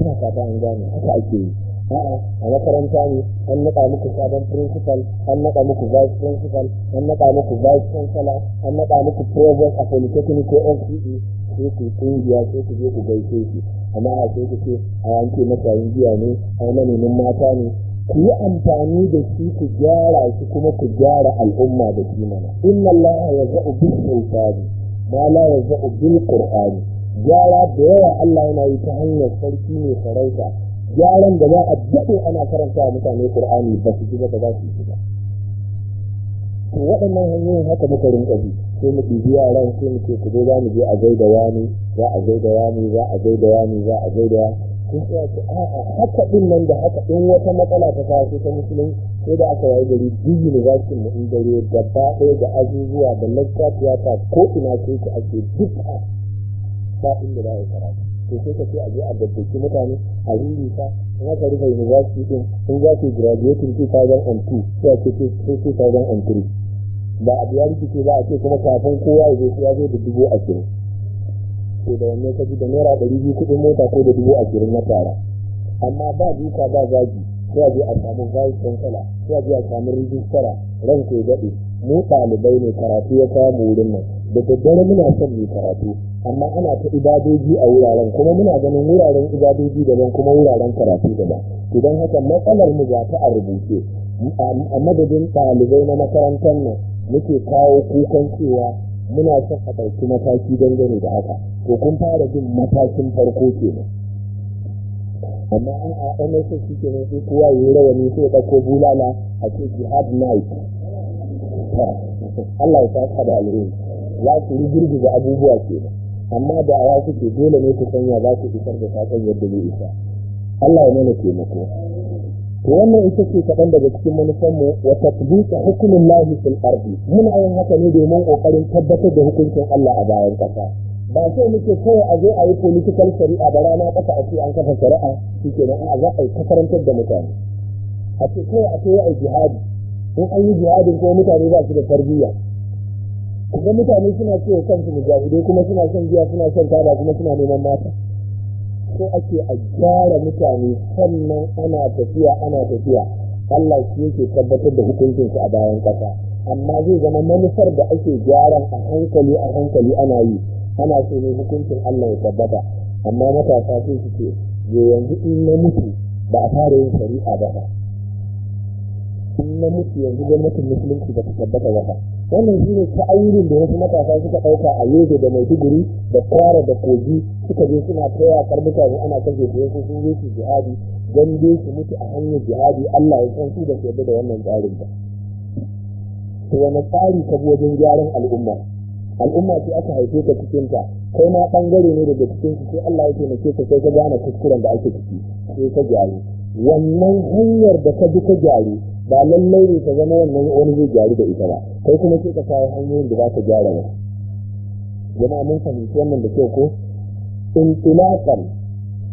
ina fata an gane haka ake yi a'a a makaranta ne an naɗa muku sabon principal an naɗa muku vice principal an naɗa muku vice chancellor an naɗa muku provost a polytechnic ko NCE, sai ku kungiya sai ku je ku gaishe shi amma a sai ku ce a yanke masa giya ne a yi manomin mata ne ku yi amfani da shi ku gyara shi kuma ku gyara al'umma da shi mana inna allaha yaz'u bil sultani ma la yaz'u bil qur'ani gyara da yawa Allah yana yi ta hanyar sarki ne sarauta gyaran da za a daɗe ana karanta wa mutane qur'ani ba su shiga ba za su shiga to waɗannan hanyoyin haka muka rinka bi sai mu ɗibi yaran sai mu ce ku zo za mu je a gaida wani za a gaida wani za a gaida wani za a gaida wani kun tsaya ce a'a haka din nan da haka in wata matsala ta taso ta musulun sai da aka yayi gari duk university mu in dare gaba ɗaya da azuzuwa da lecture theater ko ina sai ku ake duk a ba inda za a karatu to sai ka ce a je a dabbaki mutane a ririsa in aka rufe university din in za su graduating 2002 sai a ce 2003 ba a biya rikici ba a ce kuma kafin kowa ya zo ya zo da dubu ashirin ko da wannan ka da naira ɗari biyu kuɗin mota ko da dubu ashirin na tara amma ba duka ba zagi sai a je a samu vice chancellor sai a je a samu rijistara ran ke daɗe mu ɗalibai ne karatu ya kawo wurin nan da daddare muna son mu karatu amma ana ta ibadoji a wuraren kuma muna ganin wuraren ibadoji daban kuma wuraren karatu daban idan haka matsalar mu ta a rubuce a madadin ɗalibai na makarantar nan muke kawo kukan cewa muna son a ɗauki mataki dangane da haka to kun fara jin matakin farko ke kenan amma an a MSS shi kenan sai kowa yi rawani sai ya ɗauko bulala a ce jihad night Allah ya saka da alheri za su yi girgiza abubuwa kenan amma da awa suke, dole ne ku sanya za ku isar da sakon yadda zai isa Allah ya mana taimako wannan ita ce kaɗan daga cikin manufanmu wa tatbiqa hukumin lahi fil ardi muna yin haka ne domin ƙoƙarin tabbatar da hukuncin Allah a bayan kasa. ba sai muke kawai a zo a yi political shari'a da rana ƙasa a ce an kafa shari'a shike nan a za a yi karantar da mutane a ce kawai a ce a jihadi in an yi jihadin ko mutane ba su da tarbiyya kuma mutane suna cewa kansu mujahidai kuma suna son giya suna son taba kuma suna neman mata ko ake a gyara mutane sannan ana tafiya ana tafiya Allah shi yake tabbatar da hukuncinsu a bayan kasa amma zai zama manufar da ake gyaran a hankali a hankali ana yi ana so ne hukuncin Allah ya tabbata amma matasa sai su ce yo yanzu in na mutu ba a fara yin shari'a ba in na mutu yanzu gwamnatin musulunci ba ta tabbata ba wannan shi ne ta'ayirin da wasu matasa suka ɗauka a yobe da mai tuguri da fara da kogi suka je suna taya karbuka ne ana kashe su wasu sun je su jihadi don dai su mutu a hanyar jihadi allah ya san su da shaidu da wannan tsarin ba to wani tsari ka wajen gyaran al'umma al'umma ce aka haife ta cikin ta kai ma bangare ne daga cikin su sai allah ya taimake ka sai ka gane kuskuren da ake ciki sai ka gyaru wannan hanyar da ka bi ka gyaru ba lallai ne ta zama wannan wani zai gyaru da ita ba kai kuma sai ka kawo hanyoyin da za ka gyara ba yana mun fahimci wannan da kyau ko intilaqan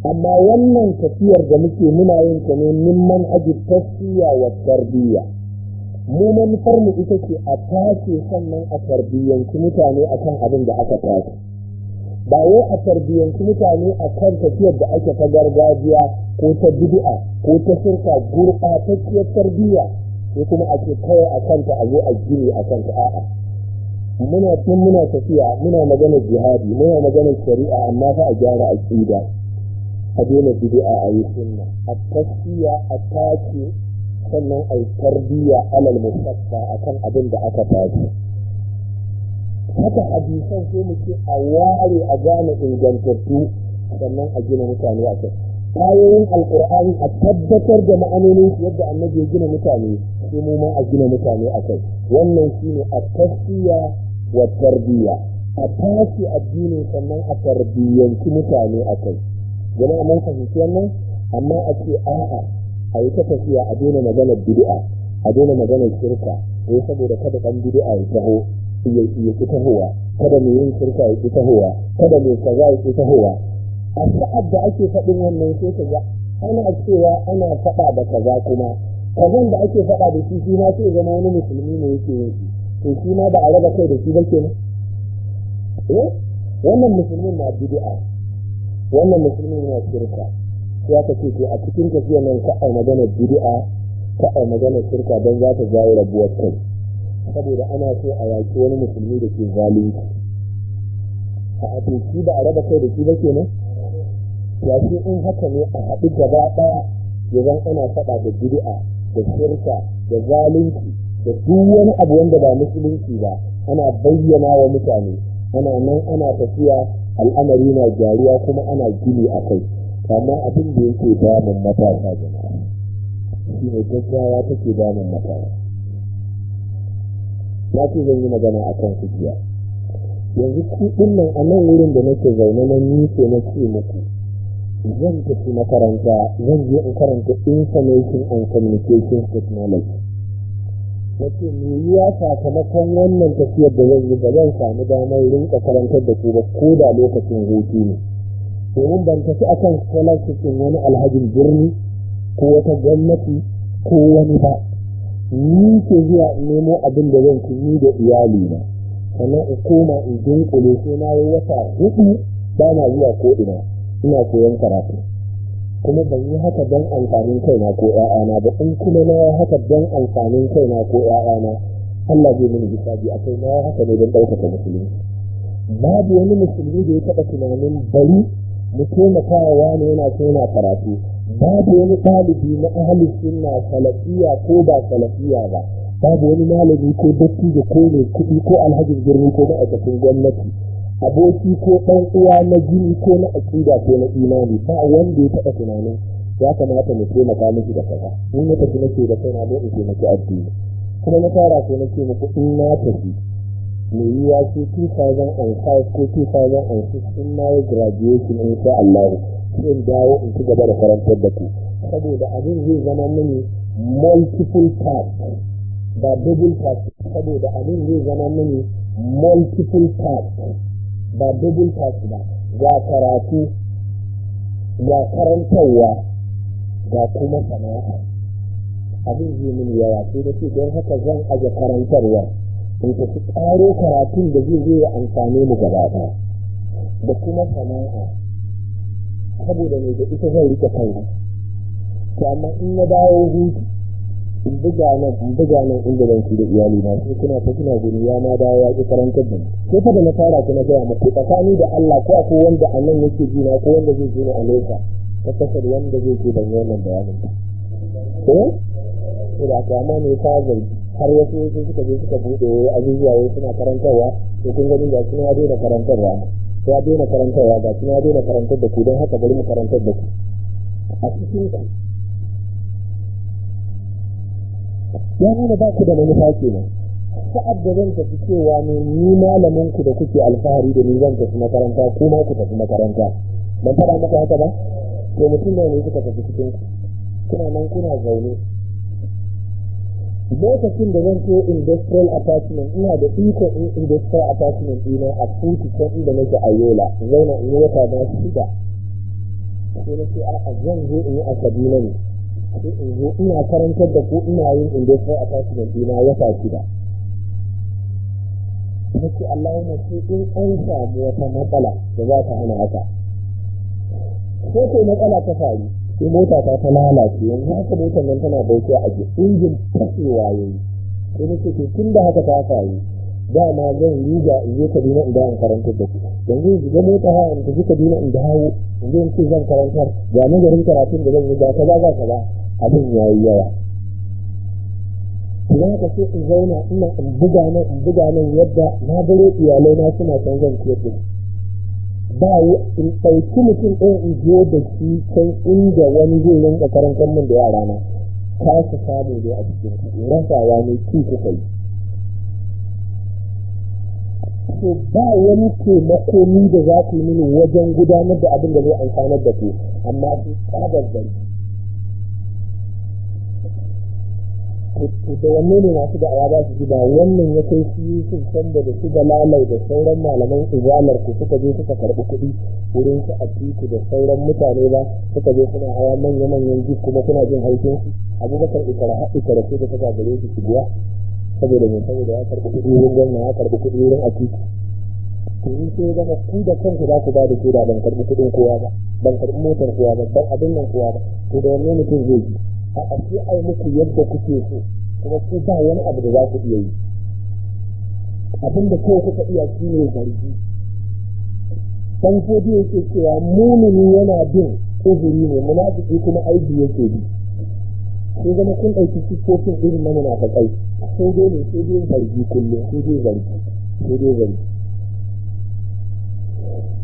amma wannan tafiyar da muke muna yin ta ne man aji tasfiya wa tarbiyya mu manufar mu ita ce a tace sannan a tarbiyyanci mutane akan abin da aka tace ba wai a tarbiyyanci mutane a kan tafiyar da ake ta gargajiya ko ta bid'a ko ta shirka gurɓatacciyar tarbiyya sai kuma ake kawai a kanta a zo a gini a kanta a'a muna tun muna tafiya muna magana jihadi muna magana shari'a amma fa a gyara aqida a daina bid'a a yi sunna a tafiya a tace sannan a yi tarbiyya alal musaffa akan abin da aka tashi haka hadisan sai mu ce a ware a gane ingantattu sannan a gina mutane a kai ayoyin alkur'ani a tabbatar da ma'anonin yadda annabi ya gina mutane sai mu ma a gina mutane a kai wannan shine a tafiya wa tarbiyya a tashi addinin sannan a tarbiyyanci mutane a kai a mun fahimci wannan amma a ce a'a a yi ta tafiya a daina maganar bid'a a daina maganar shirka ko eh, saboda kada ɗan bid'a ya taho ya ki tahowa kada mai yin shirka ya ki tahowa kada mai kaza ya ki tahowa a sa'ad da ake faɗin wannan sai ka ga ana cewa ana faɗa da kaza kuma kazan da ake faɗa da shi shi ma sai zama wani musulmi ne yake yin shi to shi ma ba a raba kai da shi ba kenan eh wannan musulmin na bid'a wannan musulmin na shirka ya ka ce a cikin tafiyar nan ka ai magana bid'a ka'a magana shirka don za ta jawo rabuwar kai saboda ana so a yaki wani musulmi da ke zalunci a atoki ba a raba kai da shi ba kenan ya ce in haka ne a haɗu gaba ɗaya ya ana faɗa da jiri'a, da shirka da zalunci da duk wani abu wanda ba musulunci ba ana bayyana wa mutane ana nan ana tafiya al'amari na jariya kuma ana gini a kai amma abin da yake damun matasa jama'a shi ne gaggawa take damun matasa na ce zan yi magana a kan sukiya. yanzu kuɗin nan a nan wurin da nake zaune na nike na ce muku zan tafi makaranta zan je in karanta information and communication technology na ce yi ya sakamakon wannan tafiyar da zan yi ba zan sami damar rinka karantar da ku ba ko da lokacin hutu ne domin ban tafi akan scholarship wani alhajin birni ko wata gwamnati ko wani ba ni ke zuwa in nemo abin da zan kini da iyali na sannan in koma in dunkule sai na yi wata hudu ba na zuwa ko ina ina koyon karatu kuma ban yi haka don amfanin kaina ko ya'ana ba in kuma na yi haka don amfanin kaina ko ya'ana Allah zai mini hisabi akai na yi haka ne don ɗaukaka musulunci babu wani musulmi da ya taɓa tunanin bari mu taimaka wani yana so karatu babu wani ɗalibi na ahalin suna salafiya ko ba salafiya ba babu wani malami ko dattijo ko mai kuɗi ko alhajin birni ko ma'aikacin gwamnati aboki ko ɗan uwa na jini ko na aƙida ko na imani ba wanda ya taɓa tunanin ya kamata mu taimaka miki da kaza in na tafi nake da kaina don in taimaki addini kuma na fara ko nake muku in na tafi me yiwa ce 2005 ko 2006 in na yi graduation in sha Allah in dawo in ci gaba da karantar da ku saboda abin zai zama mini multiple task ba double task saboda abin zai zama mini multiple task ba double task ba ga karatu ga karantarwa ga kuma sana'a abin zai mini yawa sai da ke don haka zan aje karantarwa in tafi ƙaro karatun da zai zai amfani mu gaba ɗaya da kuma sana'a saboda mai da ita zan rike kai to amma in na dawo hutu in buga nan in buga nan in gaban da iyali na sai kuna ta kuna gani ya ma dawo ya ki karantar da ni sai fa da na fara ku na gaya muku tsakani da Allah ko akwai wanda a nan yake jina na ko wanda zai jina a nesa ta kasar wanda zai ji ban wannan bayanin ba eh da ka ne ka har wasu wasu suka je suka bude azuzuwa suna karantarwa to kun gani ga suna da daina karantarwa ya daina karantarwa ga ya daina karantar da ku don haka bari mu karantar da ku a cikin ku ya nuna ba ku da manufa nan, sa'ad da zan tafi cewa ne ni malamin ku da kuke alfahari da ni zan tafi makaranta ko ma ku tafi makaranta ban faɗa maka haka ba to mutum ne suka tafi cikin ku kuna nan kuna zaune lokacin da zan so industrial attachment ina da ikon in industrial attachment ina a tutu can inda nake a yola zauna in wata su sai na ce a zan zo in yi a kaduna ne sai in zo ina karantar da ko ina yin industrial attachment ina wata shida nake Allah yana ce in an samu wata matsala da za ta hana haka sai matsala ta faru sai mota ta ta lalace yanzu haka motar nan tana bauta a ji injin fashewa yayi sai nake ke tun da haka ta faru dama zan yi riga in je Kaduna in dawo karantar da ku yanzu in ga mota ha in tafi Kaduna in dawo in zo in ce zan karanta ga garin karatun da zan yi ga kaza ga kaza abin yayi yawa idan ka ce in zauna ina in buga nan in buga nan yadda na gare iyalai na suna canzan zan ciyar ba yi in ɗauki mutum ɗin in je da shi can inda wani zai rinka karantar min da yara na ka su samu dai a cikin ku rasawa ne ki kuka yi to ba wani taimako ni da za ku yi mini wajen gudanar da abin da zai amfanar da ku amma su tsabar zargi da wanne ne masu da'awa ba su gida wannan ya kai su sun sanda da su lalai da sauran malaman izalar ku suka je suka karbi kuɗi wurin su atiku da sauran mutane ba suka je suna hawa manya-manyan jik kuma suna jin haifin su abubakar ikara ikara ce da suka gare su shigowa saboda mai saboda ya karɓi kuɗi wurin gwamna ya karɓi kuɗi wurin atiku to in sai zama ku da kanku za ku ba da da ban karɓi kuɗin kowa ba ban karɓi motar kowa ba ban abin nan kowa ba to da wanne mutum zai ji a ake ce ai muku yadda kuke so kuma ku ba wani abu da za ku iya yi Abinda da kuka iya shi ne zargi dan ko yake cewa mumini yana bin uzuri ne munafiki kuma aiki yake bi sai zama kun ɗauki siffofin irin na munafikai sai dai ne sai dai zargi kullum sai dai zargi sai dai zargi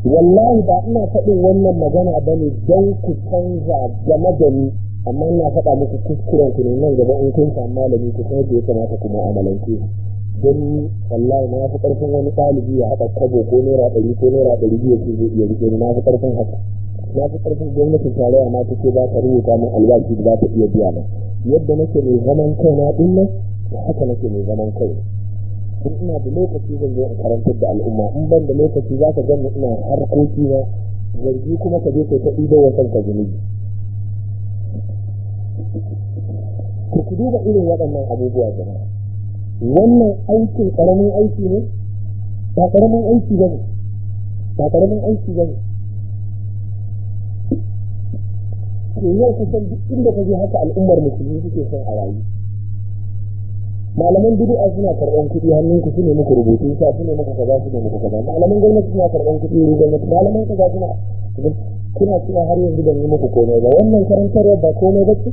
wallahi ba ina faɗin wannan magana ba ne don ku canza game da ni amma ina faɗa muku kuskuren ku ne nan gaba in kun samu malami ku san yadda ya kamata ku mu'amalance don wallahi na fi ƙarfin wani ɗalibi ya haɗa kwabo ko naira ɗari ko naira ɗari biyu ko zai iya rike na fi ƙarfin haka na fi ƙarfin gwamnatin tarayya ma ta ce ba ta rubuta min albashi da za ta iya biya ba yadda nake mai zaman kai na ɗin nan haka nake mai zaman kai in ina da lokaci zan zo in karantar da al'umma in ban da lokaci za ka gani ina harkoki na zargi kuma ka je kai ta ɗibo wa kanka zunubi ku duba irin waɗannan abubuwa jama'a wannan aikin ƙaramin aiki ne ba ƙaramin aiki ba ne ba ƙaramin aiki ba ne ke yau kusan duk inda ka je haka al'ummar musulmi suke son a rayu malaman bid'a suna karɓar kuɗi hannun ku ne muku rubutu sa ne muku kaza ne muku kaza malaman gwamnati suna karɓar kuɗi ne gwamnati malaman kaza suna kuna cewa har yanzu ban yi muku komai ba wannan karantarwa ba komai ba ce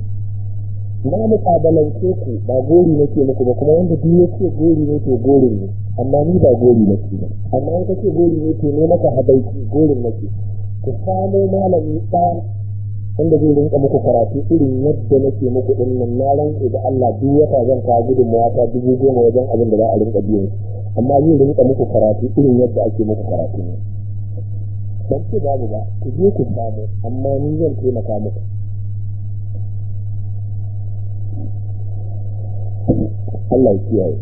na mukabalance ku ba gori nake muku ba kuma wanda duk yake gori ne to gori ne amma ni ba gori nake ba amma in kace gori ne to ne maka habaiki gori nake ku samo malami ɗaya wanda zai rinka muku karatu irin yadda nake muku din nan na ranke da Allah duk wata zan kawo gudunmawa ta dubu goma wajen abin da za a rinka biyan amma zai rinka muku karatu irin yadda ake muku karatu ne ban ce babu ba ku je ku samu amma ni zan taimaka muku Allah ya kiyaye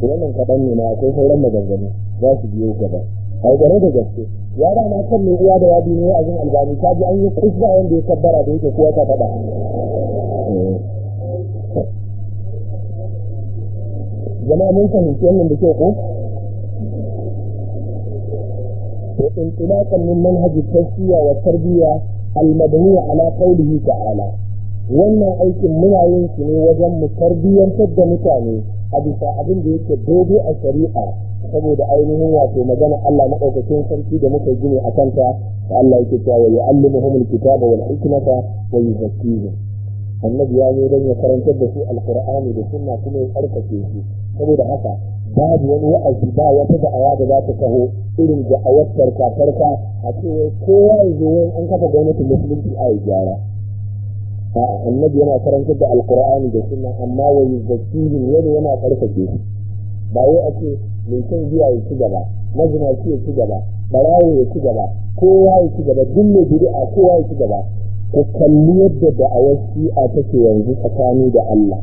to wannan kaɗan ne na akwai sauran maganganu za su biyo gaba ai gare da gaske ya da na kan mai uwa da ya bi ne a jin albani ta ji an yi kusba wanda ya kabbara da yake kuwa ta faɗa eh. jama'a mun fahimci wannan da ko ko وانطلاقا من wa tarbiyya والتربية المبنية على قوله تعالى wannan aikin muna yin shi ne wajen mu tarbiyyantar da mutane a bisa abin da yake dobe a shari'a saboda ainihin wato magana Allah na ɗaukakin sarki da muka gini a kanta da Allah yake cewa ya allimuhum alkitaba wal hikmata wa yuzakkihim annabi ya zo don ya karantar da su alqur'ani da sunna kuma ya karkace su saboda haka babu wani wa'azi ba wata da'awa da za ta taho irin da'awar karka karka a cewa kowa ya zo an kafa gwamnatin musulunci a yi gyara annabi yana karantar da alkur'ani da sunna amma wa ne, yana yana karfafe su ba wai a ce mai son giya ya ci gaba mazinaci ya ci gaba barawo ya ci gaba kowa ya ci gaba duk mai bid'a kowa ya ci gaba ku kalli yadda da'awar shi'a take yanzu tsakani da Allah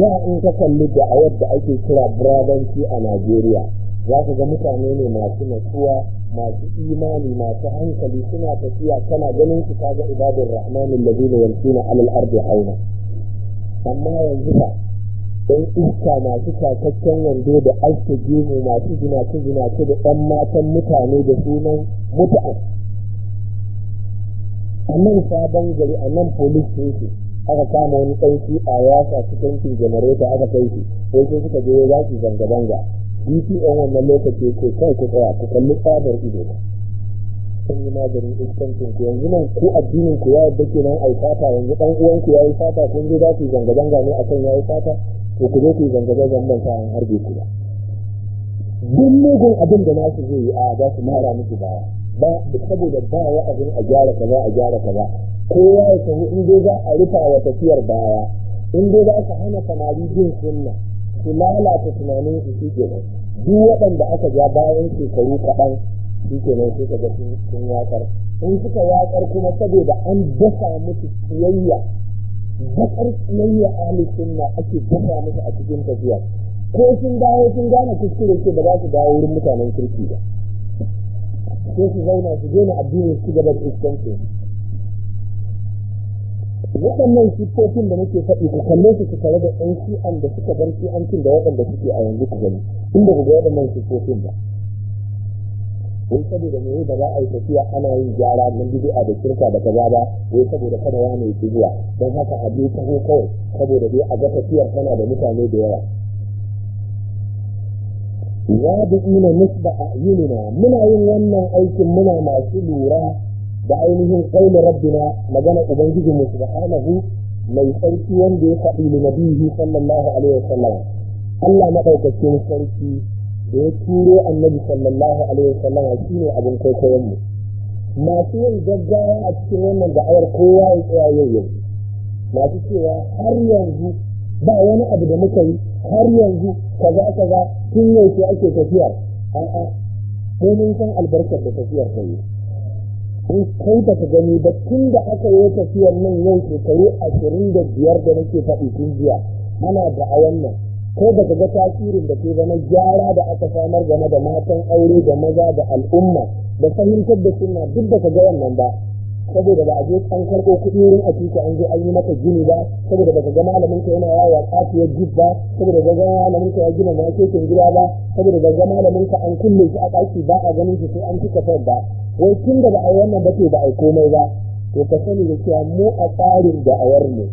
da in ka kalli da'awar da ake kira brabanci a Najeriya za ka ga mutane ne masu natsuwa masu imani masu hankali suna tafiya kana ganin su kaga ibadur rahman alladhi yamshuna na alal ardi auna amma yanzu ba dan iska masu kakakken wando da alke gemu masu zinace zinace da ɗan matan mutane da sunan mutu'a a nan sabon gari a nan police station aka kama wani ɗauki a yasa su tankin aka kai shi sai suka je ya zaki zanga-zanga dpn wannan lokaci ko kan ku tsaya ku kalli tsabar ido sun yi maganin iskancin ku yanzu nan ku addinin ku ya yadda a yi fata yanzu dan uwan ku yi fata kun je za su yi zanga zanga ne ya yi fata to ku je ku zanga zanga ban sa an harbe ku ba duk mugun abin da nasu zai yi a za su mara musu baya ba saboda ba abin a gyara kaza a gyara kaza kowa ya samu in dai za a rufa wa tafiyar baya in dai za ka hana samari jin sunna su lalata tunanin su shi nan duk waɗanda aka ja bayan shekaru kaɗan shi kenan sai kaga sun watsar sun suka watsar kuma saboda an dasa musu tsiyayya bakar tsiyayya ahli na ake dasa musu a cikin tafiya ko sun dawo sun gane kuskure ce ba za su dawo wurin mutanen kirki ba sai su zauna su daina addinin su gaba da iskansu waɗannan siffofin da nake faɗi ku kalle su tare da ɗan shi'an da suka bar shi'ancin da waɗanda suke a yanzu ku gani inda ku ga waɗannan siffofin ba wai saboda me ba za a yi tafiya ana yin gyara na bid'a da kirka da kaza ba wai saboda kada ya mai zuwa don haka a ta taho kawai saboda dai a ga tafiyar tana da mutane da yawa ya bi ina nisba a yunina muna yin wannan aikin muna masu lura da ainihin qaulu rabbina magana ubangiji mu subhanahu mai sarki wanda ya faɗi li nabihi sallallahu alaihi wasallam Allah madaukakin sarki da ya turo annabi sallallahu alaihi wasallam shine abin kwaikwayon mu masu yin gaggawa a cikin wannan da'awar kowa ya tsaya yau yau masu cewa har yanzu ba wani abu da muka yi har yanzu kaza kaza tun yau ake tafiyar a'a sai mun san albarkar da tafiyar ta yi in kai ba ka gani ba tun da aka yi tafiyar nan yau shekaru ashirin da biyar da nake faɗi tun jiya ana da a wannan kai ba ka ga tasirin da ke zama gyara da aka samar game da matan aure da maza da al'umma da fahimtar da suna duk da ka ga wannan ba saboda ba a je an karɓo kuɗi wurin a tuka an je an yi maka gini ba saboda ba ka ga malamin ka yana yawa kafiyar jib ba saboda ba ga malamin ka ya gina ma keken gida ba saboda ba ga malamin ka an kulle shi a ɗaki ba a ganin shi sai an cika fad ba wai tun da ba a yi wannan ba ba a komai ba to ka sani da cewa mu a tsarin da awar ne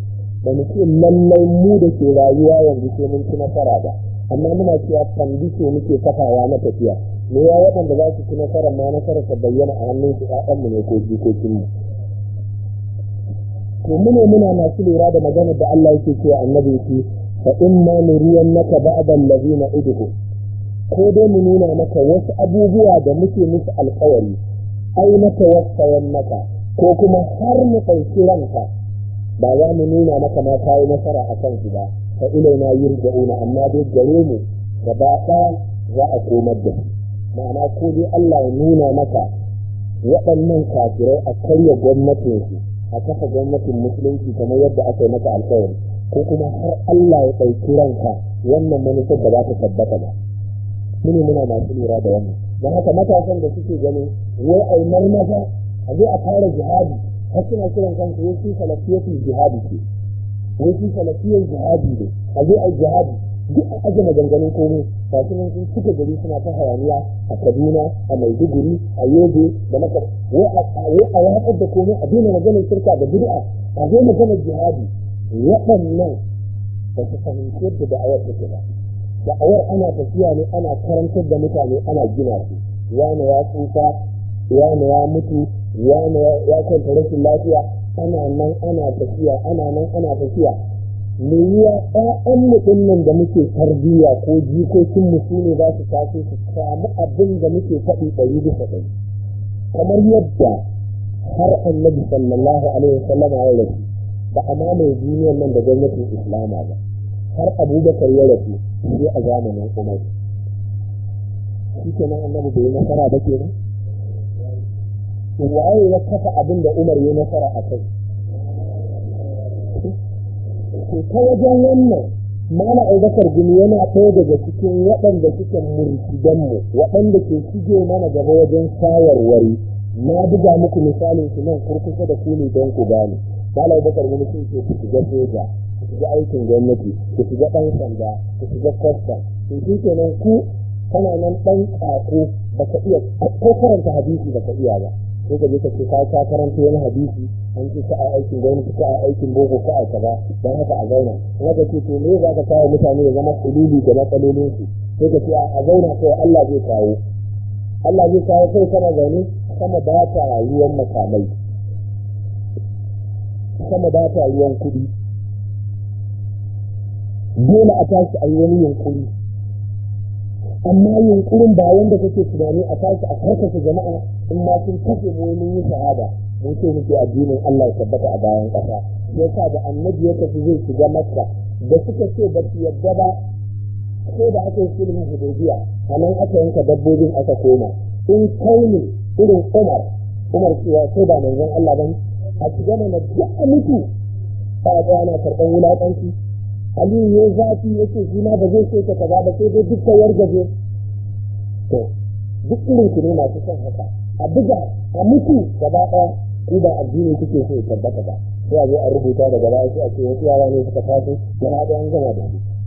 ba mu ce lallai mu da ke rayuwa yanzu sai mun ci nasara ba amma muna cewa kandisho muke kafawa na tafiya me ya waɗanda za su ci nasara ma nasara ta bayyana a hannun su ƴaƴanmu ne ko jikokinmu to mu ne muna masu lura da magana da Allah yake cewa annabi shi fa in ma nuriyannaka ba'da allazina udhu ko dai mu nuna maka wasu abubuwa da muke musu alƙawari ai na tawassayan maka ko kuma har mu ɗauki ranka ba za mu nuna maka ma kayi nasara a kan shi ba fa ilaina yurja'una amma dai gare mu gaba ɗaya za a komar da ma'ana ko dai Allah ya nuna maka waɗannan kafirai a karya gwamnatinsu a kafa gwamnatin musulunci kamar yadda aka yi maka alkawari ko kuma har Allah ya ɗauki ranka wannan manufar da za ta tabbata ba mu muna masu lura da wannan don haka matasan da suke ganin wai ai marmaza a zo a fara jihadi har suna kiran kansu wai su jihadi ce wai su salafiyar jihadi ne a zo ai jihadi duk a aje maganganun komai ba su nan sun cika gari suna ta hayaniya a kaduna a maiduguri a yobe da maka wai a yaƙar da komai a dina maganar shirka da bid'a a zo maganar jihadi waɗannan ba su fahimci yadda da'awar take ba Da awar ana tafiya ne ana karantar da mutane ana gina su wane ya tsufa wane ya mutu wane ya kwanta rashin lafiya ana nan ana tafiya ana nan ana tafiya me yiwa ɗan mutum nan da muke tarbiyya ko jikokin mu ne za su tafi su samu abin da muke faɗi ɗari bisa ɗari kamar yadda har annabi sallallahu alaihi wasallam ya rasu ba a mamaye duniyar nan da gwamnatin islama ba har abubakar ya rasu sai a zamanin umar shi ke nan annabi bai nasara ba ke nan waye ya kafa abin da umar ya nasara a kai Ke ta wajen wannan mana abubakar gini yana ɗaya daga cikin waɗanda suke murtidanmu waɗanda ke shige mana gaba wajen shawarwari na buga muku misalin su nan kurkusa da ku ne don ku gane. Bala Abubakar gini sun ce ku shiga soja, ku shiga aikin gwamnati ku shiga ɗan sanda ku shiga kwastam to shi kenan ku kana nan ɗan ƙaƙo ka iya ko karanta hadisi ka iya ba ko ka je ka ce ka ka karanta wani hadisi an ce ka a aikin gwamnati ka a aikin boko ka a kaza dan haka a zauna kuma ka ce to me za ka kawo mutane ya zama kululi da matsalolin su sai ka ce a zauna kai Allah zai kawo Allah zai kawo kai kana zaune sama ba ta rayuwar makamai sama ba ta ruwan kuɗi dole a tashi a yi wani yunkuri amma yunkurin ba wanda kake tunani a tashi a karkashe jama'a in ma sun kashe mu mun shahada mun ce muke addinin Allah ya tabbata a bayan ƙasa yasa da annabi ya tafi zai shiga makka da suka ce ba su yadda ba ko da aka yi sulhu hudaybiya nan aka yanka dabbobin aka koma in kauni irin Umar Umar cewa ko ba manzon Allah ba a shiga mana duk mutu ba ana karɓar wulaƙanci aliyu ya zafi ya ce shi ma ba zai so ka kaza ba sai dai duk ka gaje. to duk irin ku ne masu son haka a buga a mutu gaba ɗaya ku ba addini kuke so ya tabbata ba sai a zo a rubuta daga ya ce a ce wasu yara ne suka taso gaba ɗaya an gama da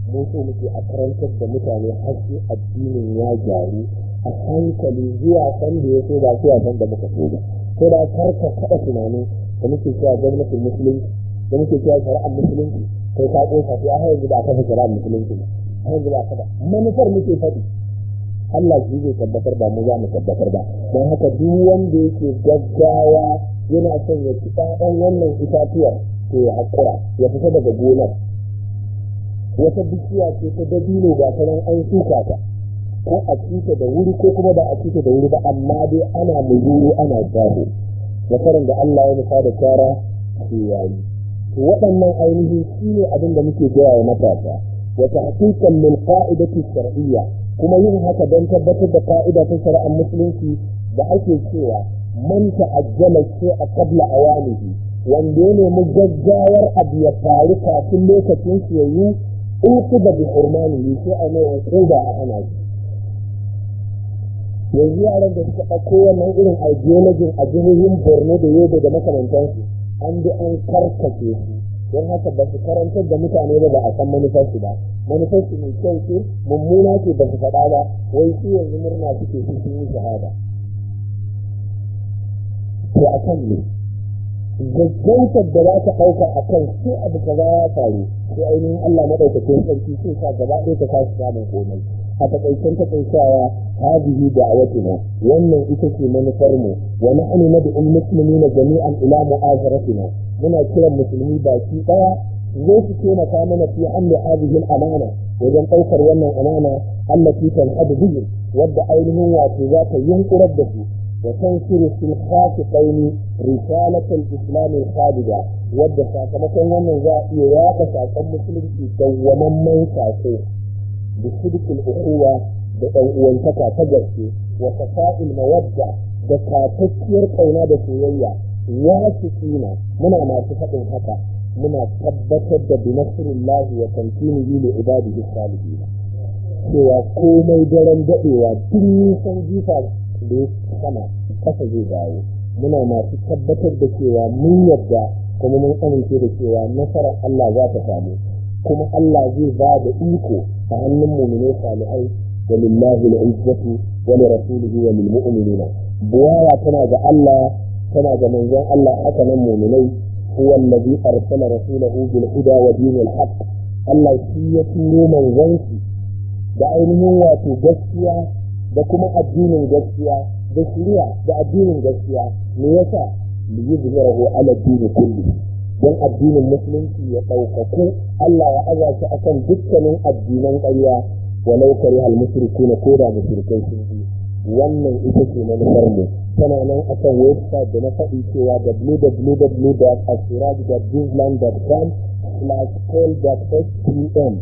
Mun so muke a karantar da mutane har sai addinin ya gyaru a hankali zuwa san da ya so ba su san da muka so ba sai da karka kaɗa tunanin da muke cewa gwamnatin musulunci da muke cewa shari'ar musulunci sai ka kosa sai har yanzu da aka fi kira musulunci har yanzu ba ba manufar muke faɗi Allah shi zai tabbatar ba mu za mu tabbatar ba don haka duk wanda yake gaggawa yana son ya ci ɗan wannan itatuwar to ya haƙura ya fita daga gonar wata bishiya ce ta dabino ga ta an shuka ta ko a cuta da wuri ko kuma ba a cuta da wuri ba amma dai ana muzuru ana jaho ya da Allah ya nufa da kyara ya yi waɗannan ainihi shi ne abin da muke gaya wa matasa wa tahqiqan min qa'idati shar'iyya kuma yin haka don tabbatar da ka'ida ta shari'ar musulunci da ake cewa man ta'ajjala shay'a qabla awanihi wanda ya nemi gaggawar abu ya faru kafin lokacin shi yayi uquba bi hurmani, ne sai a mai uquba a ana shi yanzu yaran da suka ɗauko wannan irin ideologin a jihohin borno da yobe da makamantansu an bi an karkace su don haka ba su karantar da mutane ba ba a san manufarsu ba manufarsu mai kyau ce mummuna ce ba su faɗa ba wai su yanzu murna suke su sun yi shahada to a kan ne gaggautar da za ta ɗauka a kan su abu kaza ya faru sai ainihin Allah maɗaukacin sarki sai sa gaba ɗaya ta kasu samun komai a takaicen takaicawa hadihi da'awatuna wannan ita ce manufar mu wa nahnu nad'u na jami'an ila mu'azaratina muna kiran musulmi baki daya zo su taimaka mana fi hamli hadihi amana wajen daukar wannan amana allati tanhadu bihi wadda ainihin wato za ta yunkurar da su da tansiru sun hafi kaini risalatul islam al wadda sakamakon wannan za a iya yaɗa sakon musulunci dawwamamman sako da ukuwa da ɗan'uwantaka ta gaske wa fasa'il mawadda da tatakkiyar ƙauna da soyayya ya su tsina muna masu haɗin haka muna tabbatar da bi nasrillahi wa Ibadi li ibadihi salihin cewa komai daren daɗewa tun nisan jifa da ya kasa zai dawo muna masu tabbatar da cewa mun yadda kuma mun amince da cewa nasarar Allah za ta samu kuma Allah zai ba da iko a hannun mu'minai salihai wa lillahi al-izzatu wa li rasulihi wa lil mu'minina buwaya tana ga Allah tana ga manzon Allah haka nan mu'minai huwa allazi arsala rasulahu bil huda wa dinil haqq Allah shi ya turo manzon shi da ainihin wato gaskiya da kuma addinin gaskiya da shiriya da addinin gaskiya me yasa liyuzhirahu ala dini kulli don addinin musulunci ya ɗaukaku Allah ya aza shi akan dukkanin addinan ƙarya walau kare hal musulku na koda musulunci sun ji wannan ita ce manufar mu tana nan akan website da na faɗi cewa www.asiraj.bizland.com slash call.stm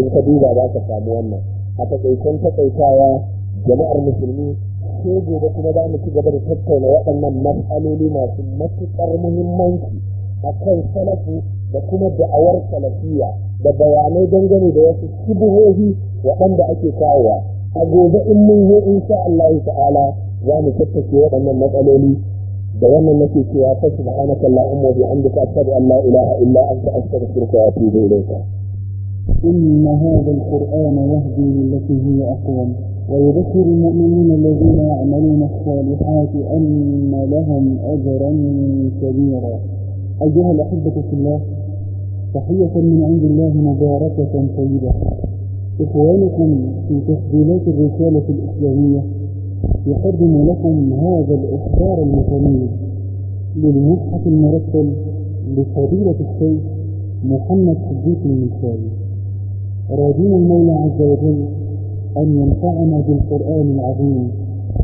in ka duba za ka samu wannan a takaicen takaitawa jama'ar musulmi sai gobe kuma za mu ci gaba da tattauna waɗannan matsaloli masu matuƙar muhimmanci akan salafu da kuma da'awar salafiya da bayanai dangane da wasu shubuhohi waɗanda ake kawowa a gobe in mun zo insha Allah ta'ala za mu tattace waɗannan matsaloli da wannan nake cewa fa subhanaka allahumma wa bihamdika ashhadu an la ilaha illa anta astaghfiruka wa atubu ilayka إن هذا القرآن يهدي للتي هي أقوم ويذكر المؤمنين الذين يعملون الصالحات أن لهم أجرا كبيرا أيها الأحبة في الله تحية من عند الله مباركة طيبة إخوانكم في تسجيلات الرسالة الإسلامية يقدم لكم هذا الإخبار المتميز للمصحف المرسل لفضيلة الشيخ محمد حجيك المنصاري راجين المولى عز وجل أن ينفعنا بالقرآن العظيم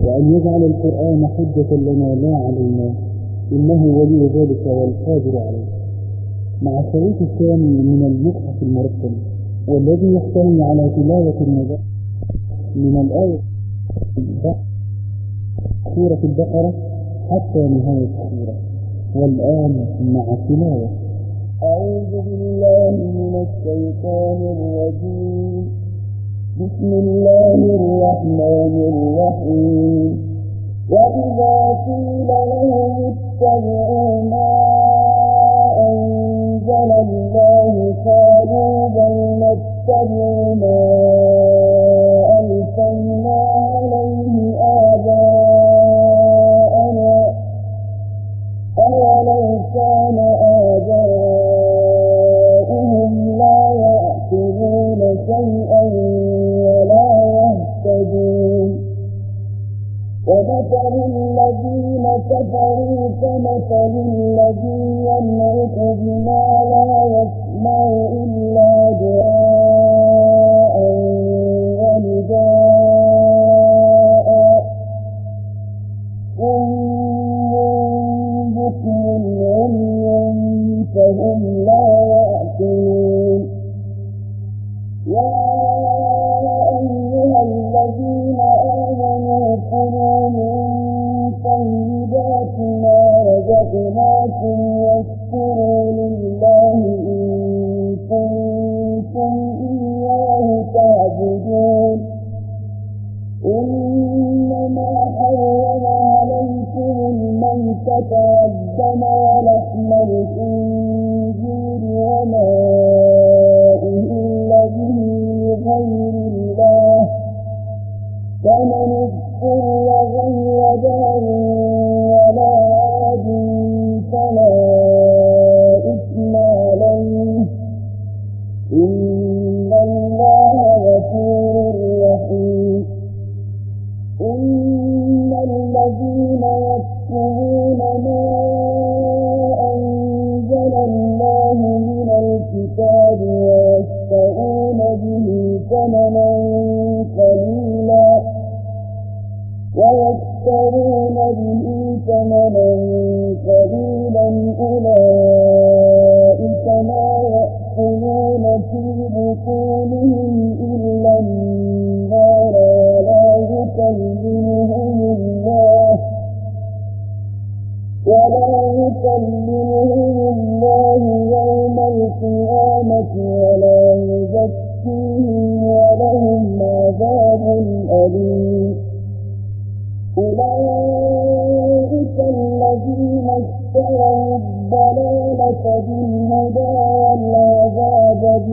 وأن يجعل القرآن حجة لنا لا علينا إنه ولي ذلك والقادر عليه مع الشريط الثاني من المصحف المرتب والذي يحتوي على تلاوة النجاة من الآية سورة البقرة حتى نهاية السورة والآن مع تلاوة أعوذ بالله من الشيطان الرجيم بسم الله الرحمن الرحيم وإذا قيل لهم اتبعوا ما أنزل الله قالوا بل نتبع ما ومثل الذين كفروا كمثل الذي يملك بما لا يسمع إلا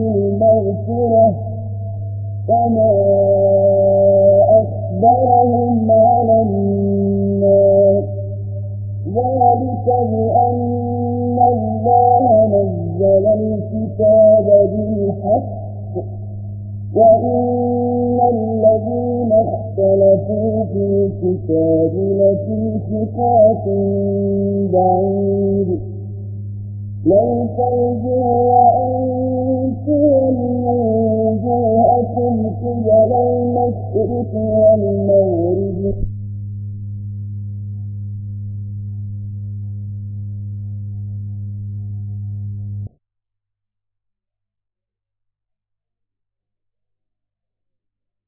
المغفرة وما أكبرهم على النار ذلك بأن الله نزل الكتاب بالحق وإن الذين اختلفوا في الكتاب لفي شقاق بعيد ليس البر أن ولا المشرق والمغرب